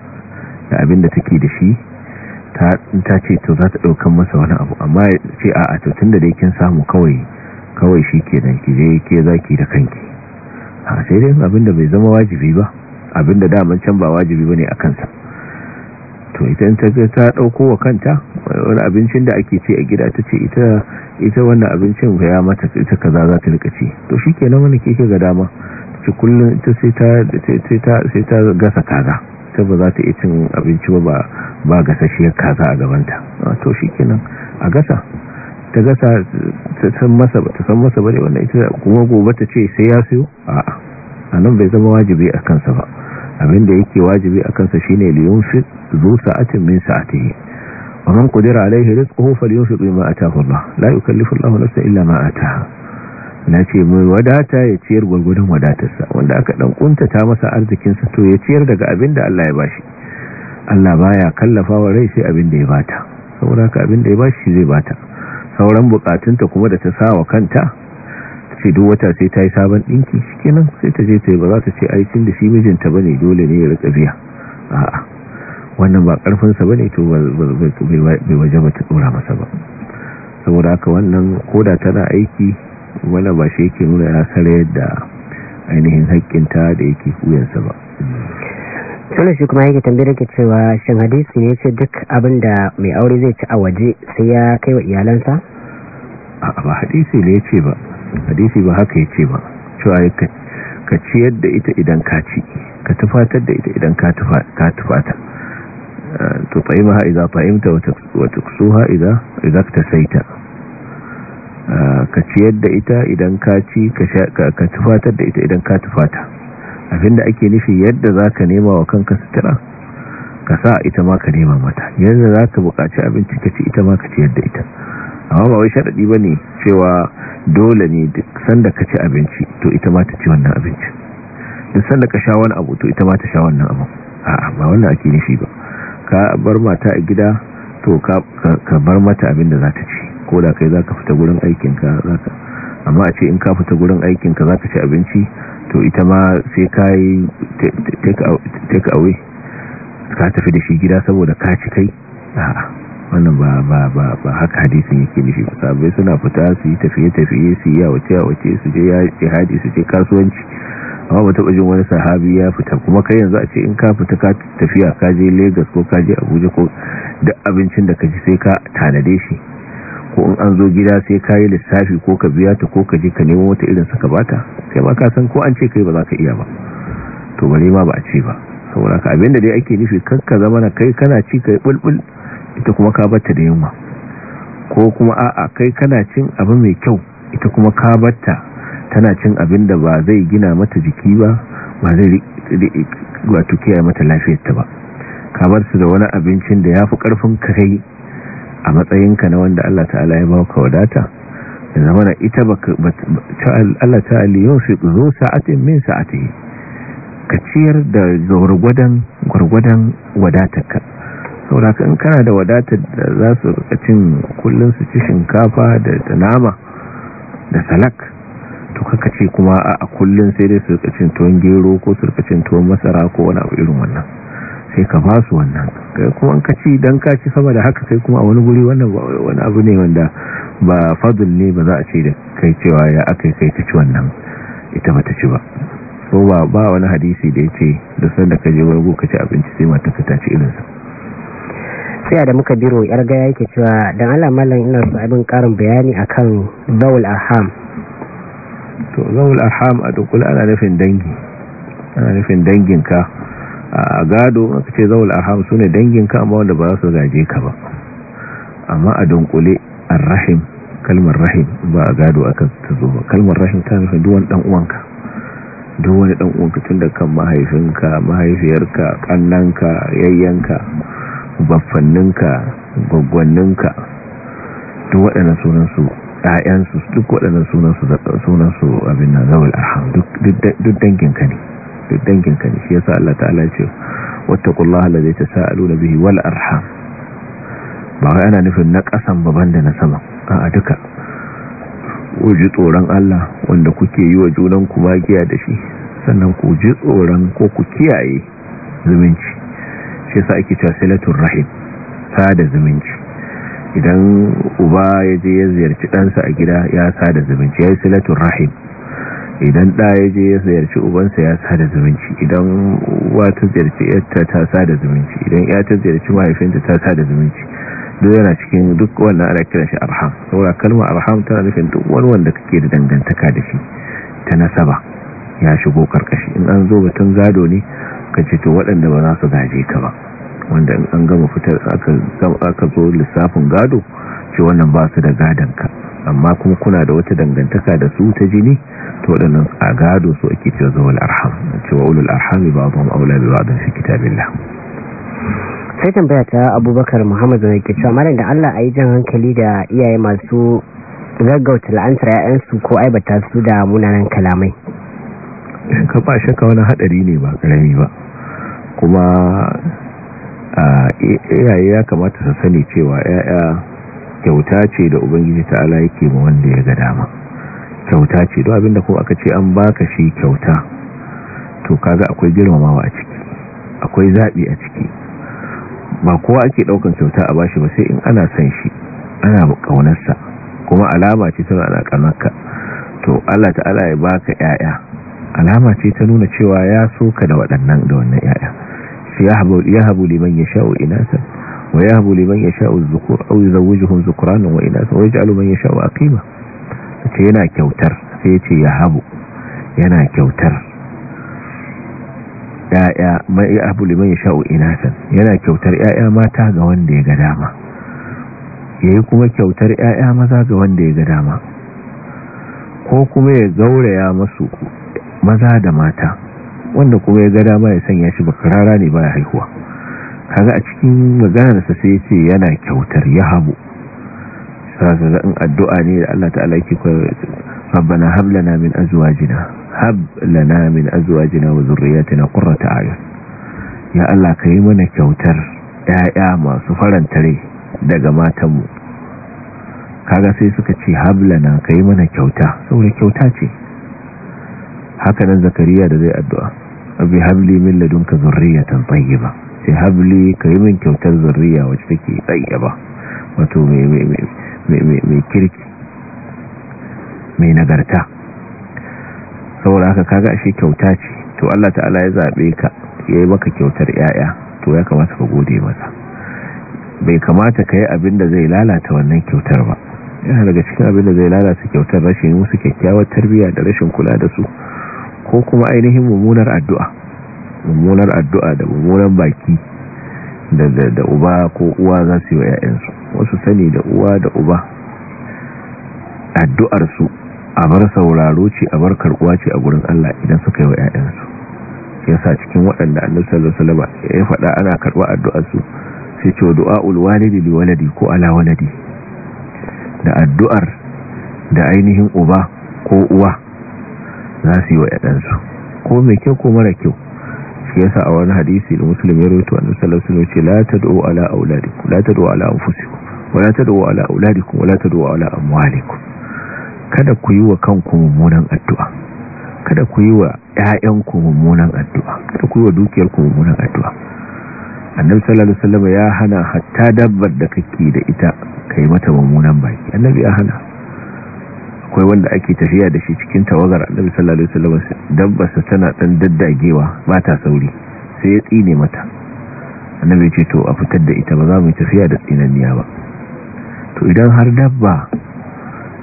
da abin da take da shi ta ta ce to za ta daukan masa wani abu amma ce a'a to da dai kin samu kawai kawai kenan, ki je ke zaki da kanki a sai dai abin da bai zama wajibi ba abin da daman can ba wajibi ba ne a kansa. to ita in ta ta dauko wa kanta wani abincin da ake ci a gida ta ce ita ita wannan abincin ga ya mata ita kaza za ta rika ci to shikenan wani keke ga dama ce kullun ita sai ta sai ta sai ta gasa kaza ta ba za ta yi cin abinci ba ba gasasshiyar kaza a gabanta ah, to shikenan a gasa ta gasa ta san masa ba ta san masa bane wannan ita kuma gobe ta ce sai ya siyo a'a anan bai zama wajibi a kansa ba Abin da yake wajibi a kansa shine liyunfiq zo sa'atin min sa'atihi wa man kudira alaihi rizquhu falyunfiq bima ataahu Allah la yukallifu Allahu nafsan illa ma ataaha nace mai wadata ya ciyar gurgurdan wadatarsa wanda aka dan kuntata masa arzikin sa to ya ciyar daga abin da Allah ya bashi Allah baya kallafawa rai sai abin da ya bata saboda haka da ya bashi zai bata sauran bukatunta kuma da ta sawa kanta ce duk wata sai ta yi sabon ɗinki shikenan sai ta je ta yi ba za ta ce aikin da shi mijinta bane dole ne ya rika biya a'a wannan ba karfinsa bane to bai waje ba ta dora masa ba saboda haka wannan koda tana aiki wannan ba shi yake nuna ya sare yadda ainihin haƙƙinta da yake kuyansa ba tsoron shi kuma yake tambayar ke cewa shan hadisi ne ce duk abin da mai aure zai ci a waje sai ya kai wa iyalansa ba hadisi ne yace ba hadisi ba haka yace ba cewa ka ciyar da ita idan ka ci ka tufatar da ita idan ka tufata eh, to fa'imaha idza fa'imta wa tuksuha idza idza saita. Eh, ka ciyar da ita idan ka ci ka tufatar da ita idan ka tufata abinda ake nufi yadda zaka nema wa kanka sutura ka sa ita ma ka nema mata yadda zaka buƙaci abinci ka ci ita ma ka ciyar da ita amma ba wai sharadi bane cewa dole ne duk sanda ka ci abinci to ita ma ta ci wannan abinci duk sanda ka sha wani abu to ita ma ta sha wannan abu a'a ba wannan ake nufi ba ka bar mata a gida to ka bar mata abin da za ta ci ko da kai za ka fita gurin aikinka za ka amma a ce in ka fita gurin aikinka za ka ci abinci to ita ma sai ka yi take away ka tafi da shi gida saboda ka ci kai a'a wannan ba ba ba ba haka hadisin yake nufi ba sabai suna fita su yi tafiye-tafiye su yi yawace yawace su je jihadi su je kasuwanci amma ba taɓa jin wani sahabi ya fita kuma kai yanzu a ce in ka fita ka tafiya ka je lagos ko ka je abuja ko duk abincin da ka ji sai ka tanade shi ko in an zo gida sai ka yi lissafi ko ka biya ta ko ka je ka nemo wata irin saka bata sai ma ka san ko an ce kai ba za ka iya ba to bari ma ba a ce ba saboda ka abin da dai ake nufi kanka zama na kai kana ci kai bulbul ita kuma ka batta da yunwa ko kuma a'a kai kana cin abu mai kyau ita kuma ka batta tana cin abin da ba zai gina mata jiki ba ba zai wato kiyaye mata lafiyarta ba ka bar su da wani abincin da ya fi ƙarfin kai a matsayinka na wanda Allah ta'ala ya ka wadata da zamana ita Allah ta'ala yau fi zo sa'atin min sa'atihi ka ciyar da gwargwadon wadatarka saboda in kana da wadatar da za su cin kullum su ci shinkafa da nama da salak to kaka ce kuma a kullum sai dai su cin tuwon gero ko su cin tuwon masara ko wani abu irin wannan sai ka ba su wannan kai kuma ka ci dan ka ci sama da haka sai kuma a wani guri wannan wani abu ne wanda ba fadl ne ba za a ce da kai cewa ya akai kai ta ci wannan ita ba ta ci ba ko ba wani hadisi da ya ce da sanda ka je wani ka abinci sai mata ka ta ci irinsa sai da muka biro yar gaya yake cewa dan Allah mallan ina so abin karin bayani akan zawul arham to zawul arham a dukkan ana nufin dangi ana nufin dangin ka a gado aka ce zawul arham sune ka amma wanda ba su gaje ka ba amma a dunkule arrahim kalmar rahim ba a gado aka tazo ba kalmar rahim ta nufin duwan dan uwanka duk wani dan uwanka tun da kan mahaifinka mahaifiyarka kannanka yayyanka baffanninka gwaggwanninka duk waɗannan sunansu ɗayansu duk waɗannan sunansu sunansu, abin na zawal arham duk danginka ne duk danginka ne shi yasa Allah ta'ala ce ta allazi da bihi wal arham ba wai ana nufin na ƙasan baban da na sama a duka ku ji tsoron Allah wanda kuke yi wa junanku magiya da shi sannan ku ji tsoron ko ku kiyaye zumunci shi sa ake cewa silatul rahim sada zumunci idan uba ya je ya ziyarci ɗansa a gida ya sada zumunci ya yi silatul rahim idan ɗa ya je ya ziyarci ubansa ya sada zumunci idan uwa ta ziyarci yarta ta sada zumunci idan ya ta ziyarci mahaifinta ta sada zumunci duk yana cikin duk wannan ana kira shi arham saboda kalmar arham tana nufin duk wani wanda kake da dangantaka da shi ta nasaba ya shigo karkashi in an zo batun gado ne ka ce to waɗanda ba za su gaje ka ba wanda an gama fitar aka zo lissafin gado ce wannan ba su da gadonka amma kuma kuna da wata dangantaka da su ta jini to waɗannan a gado su ake cewa zuwa al'arham cewa ulul arhami ba zuwa aula bi ba don fi sai tambaya ta abubakar muhammad na ke cewa malam da allah a yi jan hankali da iyaye masu gaggauta la'antar 'ya'yansu ko aibata su da munanan kalamai ka ba shaka wani hadari ne ba karami ba kuma iyaye ya kamata su sani cewa ya'ya kyauta ce da ubangiji ta'ala yake ma wanda ya ga dama kyauta ce don abinda kuma aka ce an baka shi kyauta to kaga akwai girmamawa a ciki akwai zaɓi a ciki ba kowa ake ɗaukan kyauta a bashi ba sai in ana san shi ana ƙaunarsa kuma alama ce tana da ƙanarka to Allah ta'ala ya baka 'ya'ya alama ce ta nuna cewa ya so ka da waɗannan da wannan yahabu liman yasha'u inasa wa yahabu liman yasha'u dhukur aw yuzawwijuhum dhukranan wa inasa wa yaj'alu man yasha'u aqima ce yana kyautar sai ya ce yahabu yana kyautar ya'ya mai yahabu liman yasha'u inasan yana kyautar ya'ya mata ga wanda ya ga dama yayi kuma kyautar ya'ya maza ga wanda ya ga dama ko kuma ya gauraya masu maza da mata wanda kuma ya ga dama ya sanya shi bakarara ne ya haihuwa kaga a cikin maganarsa sai ya ce yana kyautar ya habu saboda in addu'a ne da Allah ta'ala yake koyar rabbana hab lana min azwajina hab min azwajina wa zurriyyatina qurrata a'yun ya Allah kai mana kyautar ƴaƴa masu faranta rai daga matanmu kaga sai suka ce hablana kai mana kyauta saboda kyauta ce haka nan zakariya da zai addu'a abi habli min ladunka zurriyatan tayyiba sai habli kai min kyautar zurriya wacce take tayyiba wato mai me me me kirki me nagarta saboda haka kaga ashe kyauta ce to Allah ta'ala ya zabe ka yayi maka kyautar yaya to ya kamata ka gode masa bai kamata ka yi abin da zai lalata wannan kyautar ba yana daga cikin abin da zai lalata kyautar rashin musu kyakkyawar tarbiyya da rashin kula da su ko kuma ainihin mummunar addu'a mummunar addu'a da mummunar baki da uba ko uwa za su yi wa 'ya'yansu wasu sani da uwa da uba addu'arsu a bar sauraro ce a bar karɓuwa ce a gurin Allah idan suka yi wa 'ya'yansu yasa cikin waɗanda annabi sallallahu ya faɗa ana karɓa addu'arsu sai ce du'aul walidi waladi ko ala waladi da addu'ar da ainihin uba ko uwa za su yi wa ‘ya'yansu ko mai kyau ko mara kyau shi yasa a wani hadisi da musulmi ya rawaito annabi sallallahu alaihi wasallam ce la tad'u ala auladikum la tad'u ala anfusikum wa la tad'u ala auladikum wa la tad'u ala amwalikum kada ku yi wa kanku mummunan addu'a kada ku yi wa ƴaƴanku mummunan addu'a kada ku yi wa dukiyarku mummunan addu'a annabi sallallahu alaihi wasallam ya hana hatta dabbar da kake da ita kai mata mummunan baki annabi ya hana akwai wanda ake tafiya da shi cikin tawagar annabi sallallahu alaihi wasallam dabbarsa tana dan daddagewa ba ta sauri sai ya tsine mata annabi ya ce to a fitar da ita ba za mu tafiya da tsinanniya ba to idan har dabba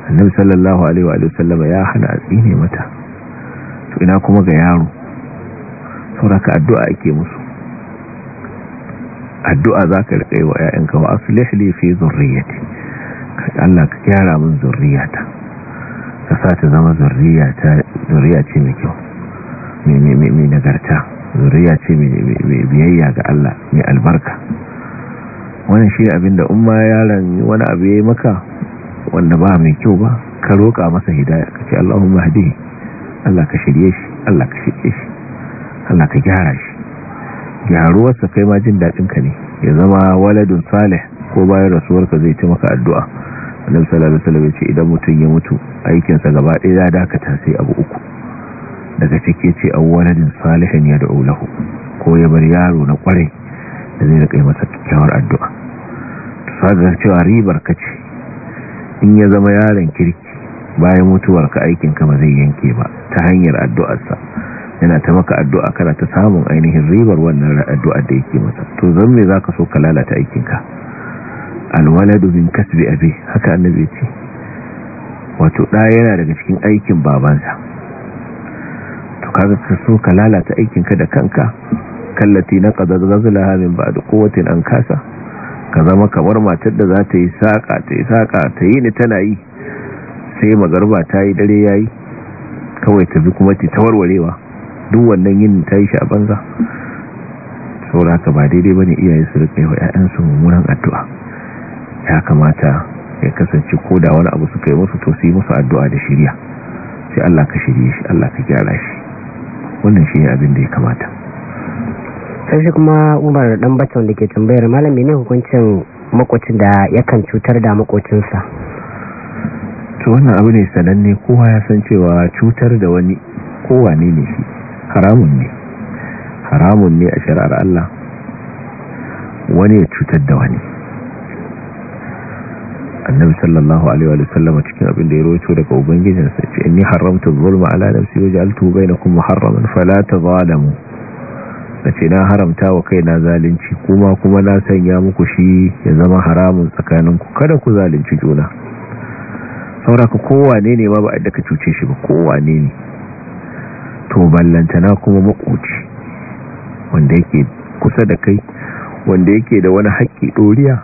annabi sallallahu alaihi wa sallam ya hana a tsine mata to ina kuma ga yaro sauraka addu'a ake musu addu'a zaka rika yi wa 'ya'yanka wa aslih li fi zurriyyati Allah ka gyara min zurriyata ka sa ta zama zurriya ce mai kyau mai nagarta zurriya ce mai biyayya ga Allah mai albarka Wani shi abinda umma ma yaron wani abu ya maka wanda ba mai kyau ba ka roƙa masa hidaya ka ce Allahumma hadihi Allah ka shirye shi Allah ka shirye shi Allah ka gyara shi gyaruwarsa kai ma jin daɗin ka ne ya zama waladun salih ko bayan rasuwarka zai ci maka addu'a annabi sallallahu alaihi wasallam ce idan mutum ya mutu aikinsa gaba ɗaya ya dakata sai abu uku daga cike ce awwalin salihin ya da'u lahu ko ya bar yaro na kwarai da zai rika masa kyakkyawar addu'a to sadar cewa ribar ka ce in ya zama yaron kirki bayan mutuwar ka aikin ka ba zai yanke ba ta hanyar addu'arsa yana ta maka addu'a kana ta samun ainihin ribar wannan addu'ar da yake masa to zan me zaka so ka lalata aikin ka alwaladu min kasbi abi haka annabi ce wato da yana daga cikin aikin babansa to kaga ka so ka lalata aikinka da kanka kallati na qadar ghazlaha min ba'd quwwatin an kasa ka zama kamar matar da za ta yi saka ta yi saka ta yi ni tana yi sai magarba ta yi dare yayi kawai ta bi kuma ta warwarewa duk wannan yin ta yi shi a haka ba daidai bane iyaye su rike wa 'ya'yansu mummunan addu'a ya kamata ya kasance ko da wani abu suka yi musu to musu addu'a da shirya sai Allah ka shirye shi Allah ka gyara shi wannan shi ne abin da ya kamata sai kuma umar dan bacci da ke tambayar malami ne hukuncin makocin da yakan cutar da makocinsa to wannan abu ne sananne kowa ya san cewa cutar da wani kowa ne ne shi haramun ne haramun ne a shari'ar Allah wani ya cutar da wani annabi sallallahu alaihi wa sallam cikin abin da ya rawaito daga ubangijinsa ce inni haramtu zulma ala nafsi wa na bainakum muharraman fala tadhalamu nace na haramta wa kaina zalunci kuma kuma na sanya muku shi ya zama haramun tsakaninku kada ku zalunci juna ku kowane ne ma ba a daka cuce shi ba kowane ne to ballanta na kuma makoci wanda yake kusa da kai wanda yake da wani haƙƙi ɗoriya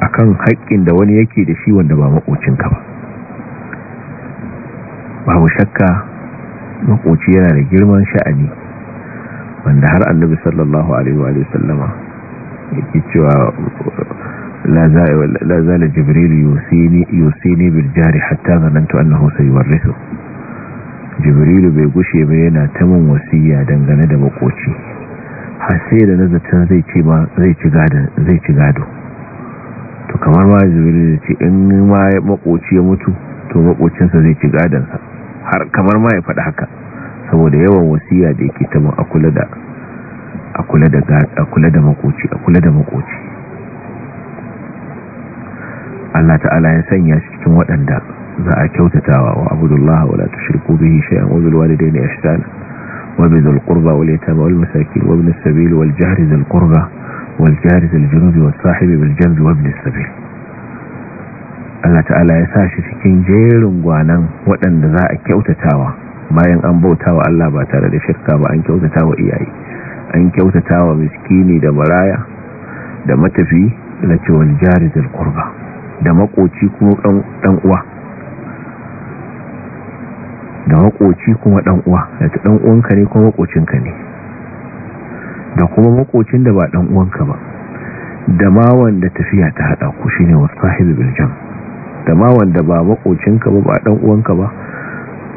akan haƙƙin da wani yake da shi wanda ba makocinka ba babu shakka makoci yana da girman sha'ani wanda har annabi sallallahu alaihi wa sallama yake cewa la zala jibril yusini yusini bil jari hatta zanantu annahu sayawrithu jibril bai gushe ba yana ta mun wasiya dangane da makoci har sai da nazarta zai ci ba zai ci gado zai ci gado kamar ma zubiri da ce in ma ya makoci ya mutu to makocinsa zai ci gadansa har kamar ma ya faɗi haka saboda yawan wasiya da yake ta mu a kula da makoci a da makoci Allah ta'ala ya sanya shi cikin waɗanda za a kyautatawa wa abdullahi wala tushriku bihi shay'an wa bil walidayni ihsana wa bil qurba wal yatama wal masakin wa ibn as-sabil wal jahri dhil qurba والجار بالجنوب والصاحب بالجنب وابن السبيل Allah ta'ala ya sa shi cikin jerin gwanan waɗanda za a kyautatawa bayan an bautawa Allah ba tare da shirka ba an kyautatawa iyaye an kyautatawa miskini da maraya da matafi na cewar jaridar kurba da makoci kuma ɗan uwa da makoci kuma da ta ɗan uwanka ne kuma makocinka ne da kuma makocin da ba dan uwanka ba da ma wanda tafiya ta hada ku shine wasahibul bil da ma wanda ba makocinka ba ba dan uwanka ba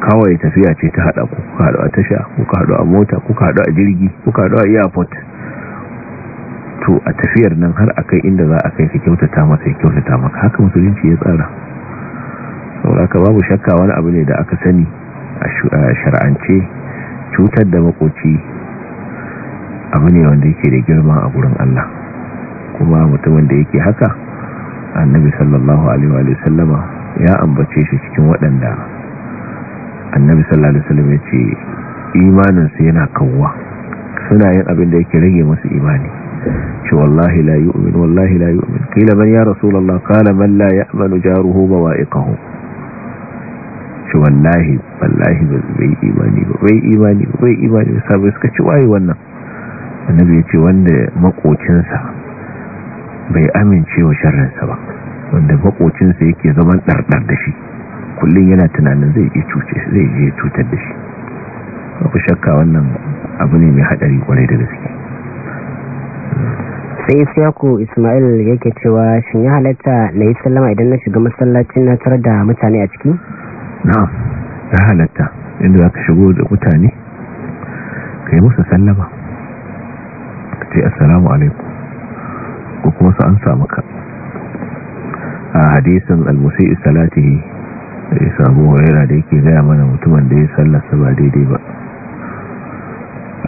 kawai tafiya ce ta hada ku ka hadu a tasha ku ka hadu a mota ku ka hadu a jirgi ku ka hadu a airport to a tafiyar nan har akai inda za a kai ka kyautata masa ya kyautata maka haka musulunci ya tsara saboda ka babu shakka wani abu ne da aka sani a shar'ance cutar da makoci abu ne wanda yake da girma a gurin Allah kuma mutumin da yake haka annabi sallallahu alaihi wa sallama ya ambace shi cikin waɗanda annabi sallallahu alaihi wasallam ya ce imaninsu yana kawwa suna yin abin da yake rage musu imani ce wallahi la yu'min wallahi la yu'min kila man ya rasulullah qala man la ya'manu jaruhu bawa'iqahu ce wallahi wallahi bai imani ba bai imani ba bai imani sabai suka ci waye wannan annabi ya ce wanda makocinsa bai amince wa sharrinsa ba wanda makocinsa yake zaman ɗarɗar da shi kullum yana tunanin zai iya cuce zai yi cutar da shi ku shakka wannan abu ne mai haɗari kwarai da gaske sai isiyaku ismail yake cewa shin ya halatta na yi sallama idan na shiga masallacin na tarar da mutane a ciki? na ya halatta inda za ka shigo da mutane ka yi musu sallama ce assalamu alaikum ko kuma su an samu ka a hadisin al-musii salatihi da ya samu waira da yake gaya mana mutumin da ya sallarsa ba daidai ba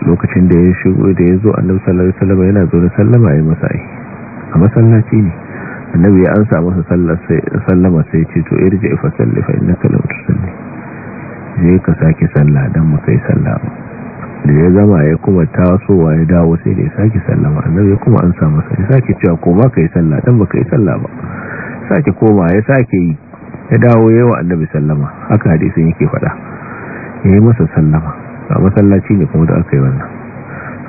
lokacin da ya shigo da ya zo annabi sallallahu alaihi wasallam yana zo da sallama ya masa ai a masallaci ne annabi ya ansa masa sallar sai sallama sai ce to irje fa salli fa innaka lam tusalli je ka sake sallah dan mu kai sallama da ya zama ya kuma tasowa ya dawo sai da ya sake sallama annabi kuma an samu sai sake cewa ko ba ka yi sallah dan ba ka yi sallah ba sake koma ya sake yi ya dawo yawa annabi sallama haka hadisin yake faɗa ya yi masa sallama a masallaci ne kuma da aka yi wannan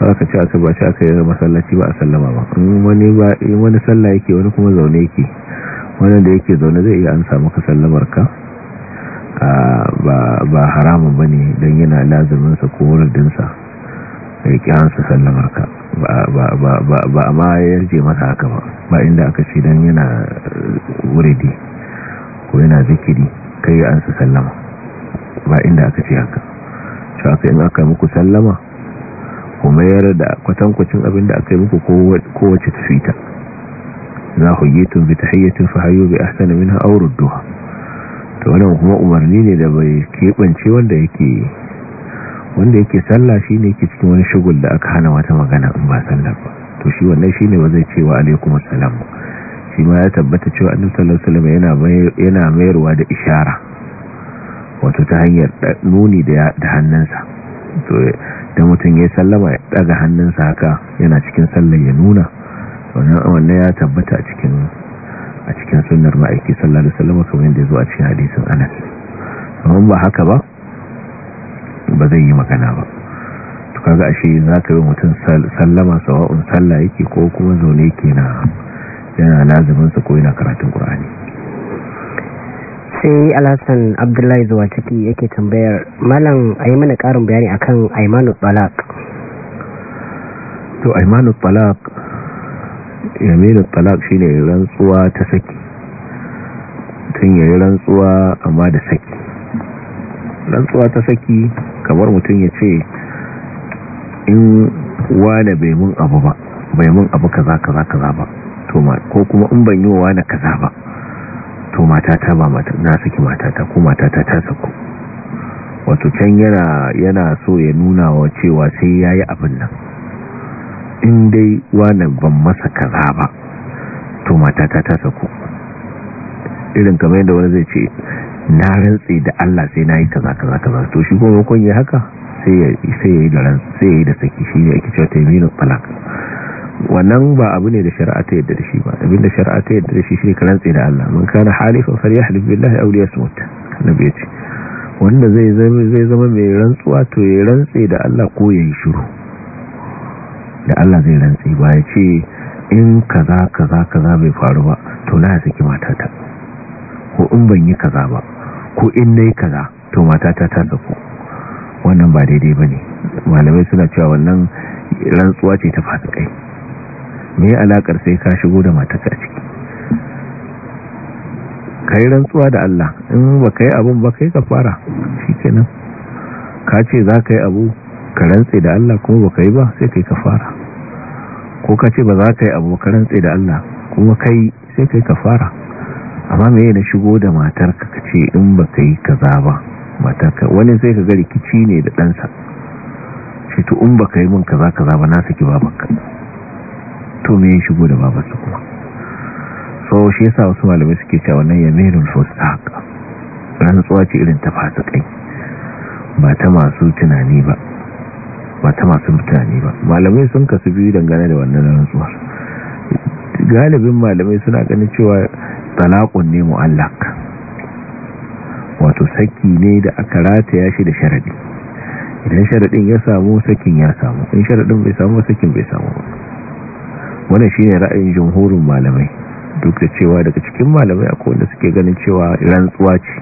aka ce aka ba ce aka yi masallaci ba a sallama ba wani sallah yake wani kuma zaune yake wannan da yake zaune zai iya an samu ka sallamar ka ba haramun ba ne don yana lazuminsa ko wuridinsa da ya kiransa sallamarka ba a ma yarje masa haka ba ba inda aka ce don yana wuridi ko yana zikiri kai an su sallama ba inda aka ce haka shi aka in aka muku sallama ku mayar da kwatankwacin abin da aka yi muku kowace tafita za ku yi tun bi ta hayyacin fahayyobi a ahsana min ha'aurar duha to wannan kuma umarni ne da bai keɓance wanda yake wanda yake sallah shine yake cikin wani shugul da aka hana wata magana in ba sallah ba to shi wannan shine ba zai ce wa alaikum assalam shi ma ya tabbata cewa annabi sallallahu alaihi wasallam yana mayarwa da ishara wato ta hanyar nuni da hannunsa to da mutum ya sallama ya daga hannunsa haka yana cikin sallar ya nuna wannan ya tabbata a cikin a cikin sunnar ma'aiki sallallahu alaihi wasallam kamar yadda ya zo a cikin hadisin anas amma ba haka ba ba zai yi magana ba to kaga ashe zaka yi mutum sallama sawa'un sallah yake ko kuma zaune yake na yana lazumin sa ko yana karatun qur'ani sai alhassan abdullahi zuwa ciki yake tambayar malam ayi mana karin bayani akan Aymanu talaq to Aymanu talaq yaminu shi shine rantsuwa ta saki mutum yayi rantsuwa amma da saki rantsuwa ta saki kamar mutum ya ce in wane bai mun abu ba bai mun abu kaza kaza kaza ba to ma ko kuma in ban yi wa wane kaza ba to matata ba mata na saki matata ko matata ta saku wato can yana yana so ya nuna wa cewa sai yayi abin nan in dai na ban masa kaza ba to matata ta sako irin kamar yadda wani zai ce na rantse da Allah sai na yi kaza kaza kaza to shi kuma kun yi haka sai ya yi da ran sai ya yi da saki shi ne ake cewa taimino talak wannan ba abu ne da shari'a ta yadda da shi ba abin da shari'a ta yadda da shi shine rantse da Allah mun kana halifa falyahlif billahi aw liyasmut annabi ya ce wanda zai zama mai rantsuwa to ya rantse da Allah ko ya yi shiru da Allah zai rantsi ba ya ce in kaza kaza kaza bai faru ba to na ya saki matata ko in ban yi kaza ba ko in nayi kaza to matata ta saku wannan ba daidai ba ne. malamai suna cewa wannan rantsuwa ce ta kai me alakar sai ka shigo da matata ciki Ka yi rantsuwa da Allah in ba yi abin ba yi ka fara kenan ka ce za ka yi abu ka rantse da Allah kuma baka yi ba sai kai kafara ko ka ce ba za ka yi abu ka rantse da Allah kuma kai sai kai kafara amma me yana shigo da matar ka ce in baka yi kaza ba ka wani sai ka gari rikici ne da ɗansa shi to in baka yi min kaza kaza ba na saki babanka to me ya shigo da babansa kuma so shi yasa wasu malamai suke cewa wannan yaminul fusaq ran ce irin ta kai ba ta masu tunani ba ba ta masu mutane ba malamai sun kasu biyu dangane da wannan rantsuwar galibin malamai suna ganin cewa talaqun ne mu'allaq wato saki ne da aka rataya shi da sharaɗi. idan sharaɗin ya samu sakin ya samu in sharaɗin bai samu sakin bai samu ba wannan shine ra'ayin jumhurin malamai duk da cewa daga cikin malamai akwai wanda suke ganin cewa rantsuwa ce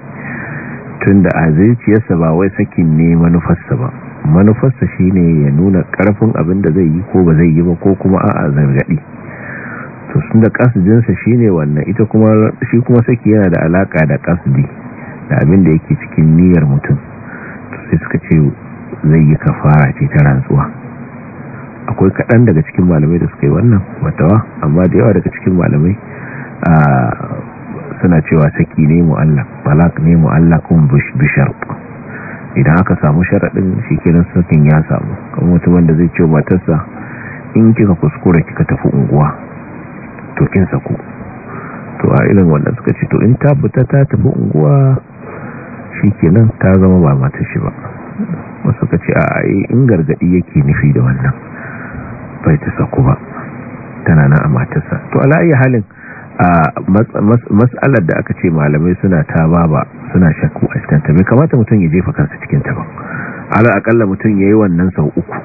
tunda a zuciyarsa ba wai sakin ne manufarsa ba manufarsa ne ya nuna ƙarfin abin da zai yi ko ba zai yi ba ko kuma a'a zargadi to sun da shi ne wannan ita kuma shi kuma saki yana da alaka da kasudi da abin da yake cikin niyyar mutum to sai suka ce zai yi kafara ce ta rantsuwa akwai kaɗan daga cikin malamai da suka yi wannan watawa amma da yawa daga cikin malamai suna cewa saki ne mu'allak balak ne mu'allakun bishar idan aka samu sharaɗin shi sarkin ya samu kamar mutumin da zai ce matarsa in kika kuskura kika tafi unguwa to kin sako. to a irin wannan suka ce to in ta fita ta tafi unguwa shi ta zama ba matar shi ba wasu suka ce a eh, in gargaɗi yake nufi da wannan bai ta saku ba tana na a matarsa to ala'ayi halin a matsalar da aka ce malamai suna ta baba suna shakku a cikinta bai kamata mutum ya jefa kansa cikinta ba ala akalla mutum ya yi wannan sau uku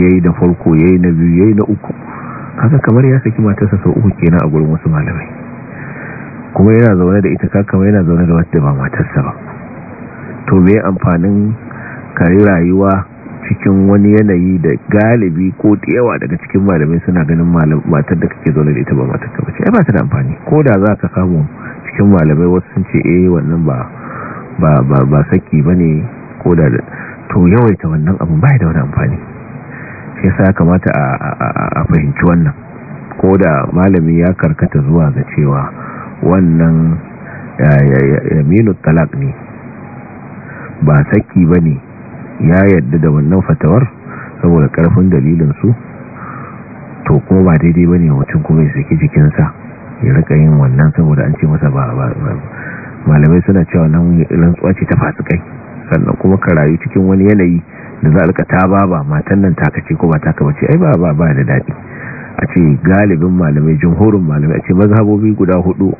ya yi da farko ya yi na biyu ya yi na uku haka kamar ya saki matarsa sau uku kenan a gurin wasu malamai kuma yana zaune da ita kakama yana zaune da wata ba matarsa ba to me amfanin kare rayuwa cikin wani yanayi da galibi ko yawa daga cikin malamai suna ganin matar da kake zaune da ita ba matar ka bace ai ba ta da amfani ko da za ka samu cikin malamai wasu sun ce eh wannan ba ba ba ba saki bane ko da to yawaita wannan abu ba da wani amfani shi yasa kamata a fahimci wannan ko da malami ya karkata zuwa ga cewa wannan minu talaq ne ba saki bane ya yadda da wannan fatawar saboda karfin dalilinsu to kuma ba daidai ba ne mutum kuma ya saki jikinsa ya rika yin wannan saboda an ce masa ba malamai suna cewa nan rantsuwa ce ta fasikai sannan kuma ka rayu cikin wani yanayi da za a rika ta ba ba matan nan ta ce ko ba taka bace ai ba ba ba da daɗi a ce galibin malamai jumhurin malamai a ce mazhabobi guda hudu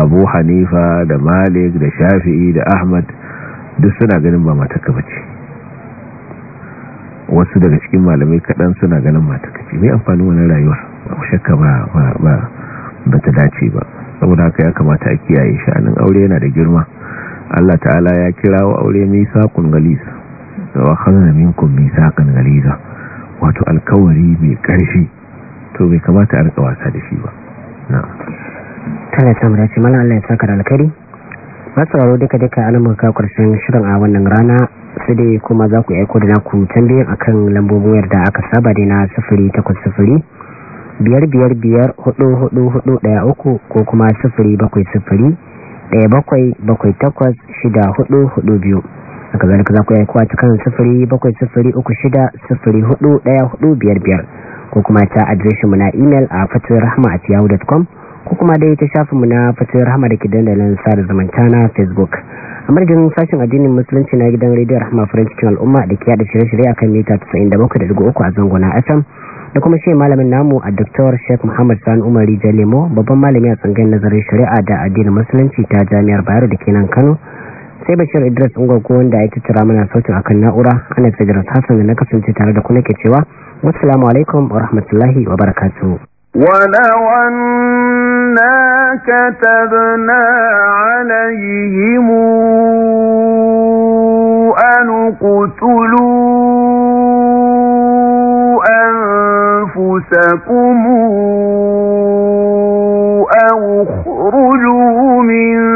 abu hanifa da malik da shafi'i da ahmad duk suna ganin ba mataka bace wasu daga cikin malamai kaɗan suna ganin mata kace mai amfani wani rayuwar ba shakka ba ba ta dace ba saboda haka ya kamata a kiyaye sha'anin aure yana da girma Allah ta'ala ya wa aure galiza da wa khadna mai misaqan galiza wato alkawari mai ƙarfi to bai kamata a rika wasa da shi ba na'am tana ce Allah ya saka da alkari masu raro duka duka alamun ƙarshen shirin a wannan rana su dai kuma za ku aiko da naku tambayin akan lambobin wayar da aka saba dai na sifiri takwas sufuri biyar biyar biyar hudu hudu hudu daya uku ko kuma sufuri bakwai sufuri daya bakwai bakwai takwas shida hudu hudu biyu a kazalika za ku aiko a cikin sufuri bakwai sufuri uku shida sufuri hudu daya hudu biyar biyar ko kuma ta mu na imel a fatuwar rahama a tiyahu.com ko kuma dai ta shafinmu na fatuwar rahama da ke dandalin sada zamanta na facebook a madadin sashen addinin musulunci na gidan rediyon rahama farin cikin al'umma da ke yada shirye-shirye akan mita 97.3 a zanguna Fm da kuma shi malamin namu a Dr. Sheik Muhammad Sani Umar Rijal Lemo babban malami a tsangayar nazarin shari'a da addinin musulunci ta Jami'ar Bayero da ke nan Kano sai Bashir Idris Ungwaggo wanda ya tattara mana sautin akan na'ura ana tsigirar Hassan da na kasance tare da ku ke cewa wassalamu alaikum wa rahmatullahi wa barakatu. wannan? كتبنا عليهم أن اقتلوا أنفسكم أو اخرجوا من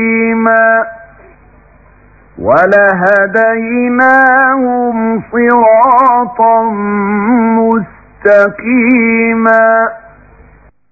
هُدًى وَلَهَدَيْنَاهُمْ صِرَاطًا مُسْتَقِيمًا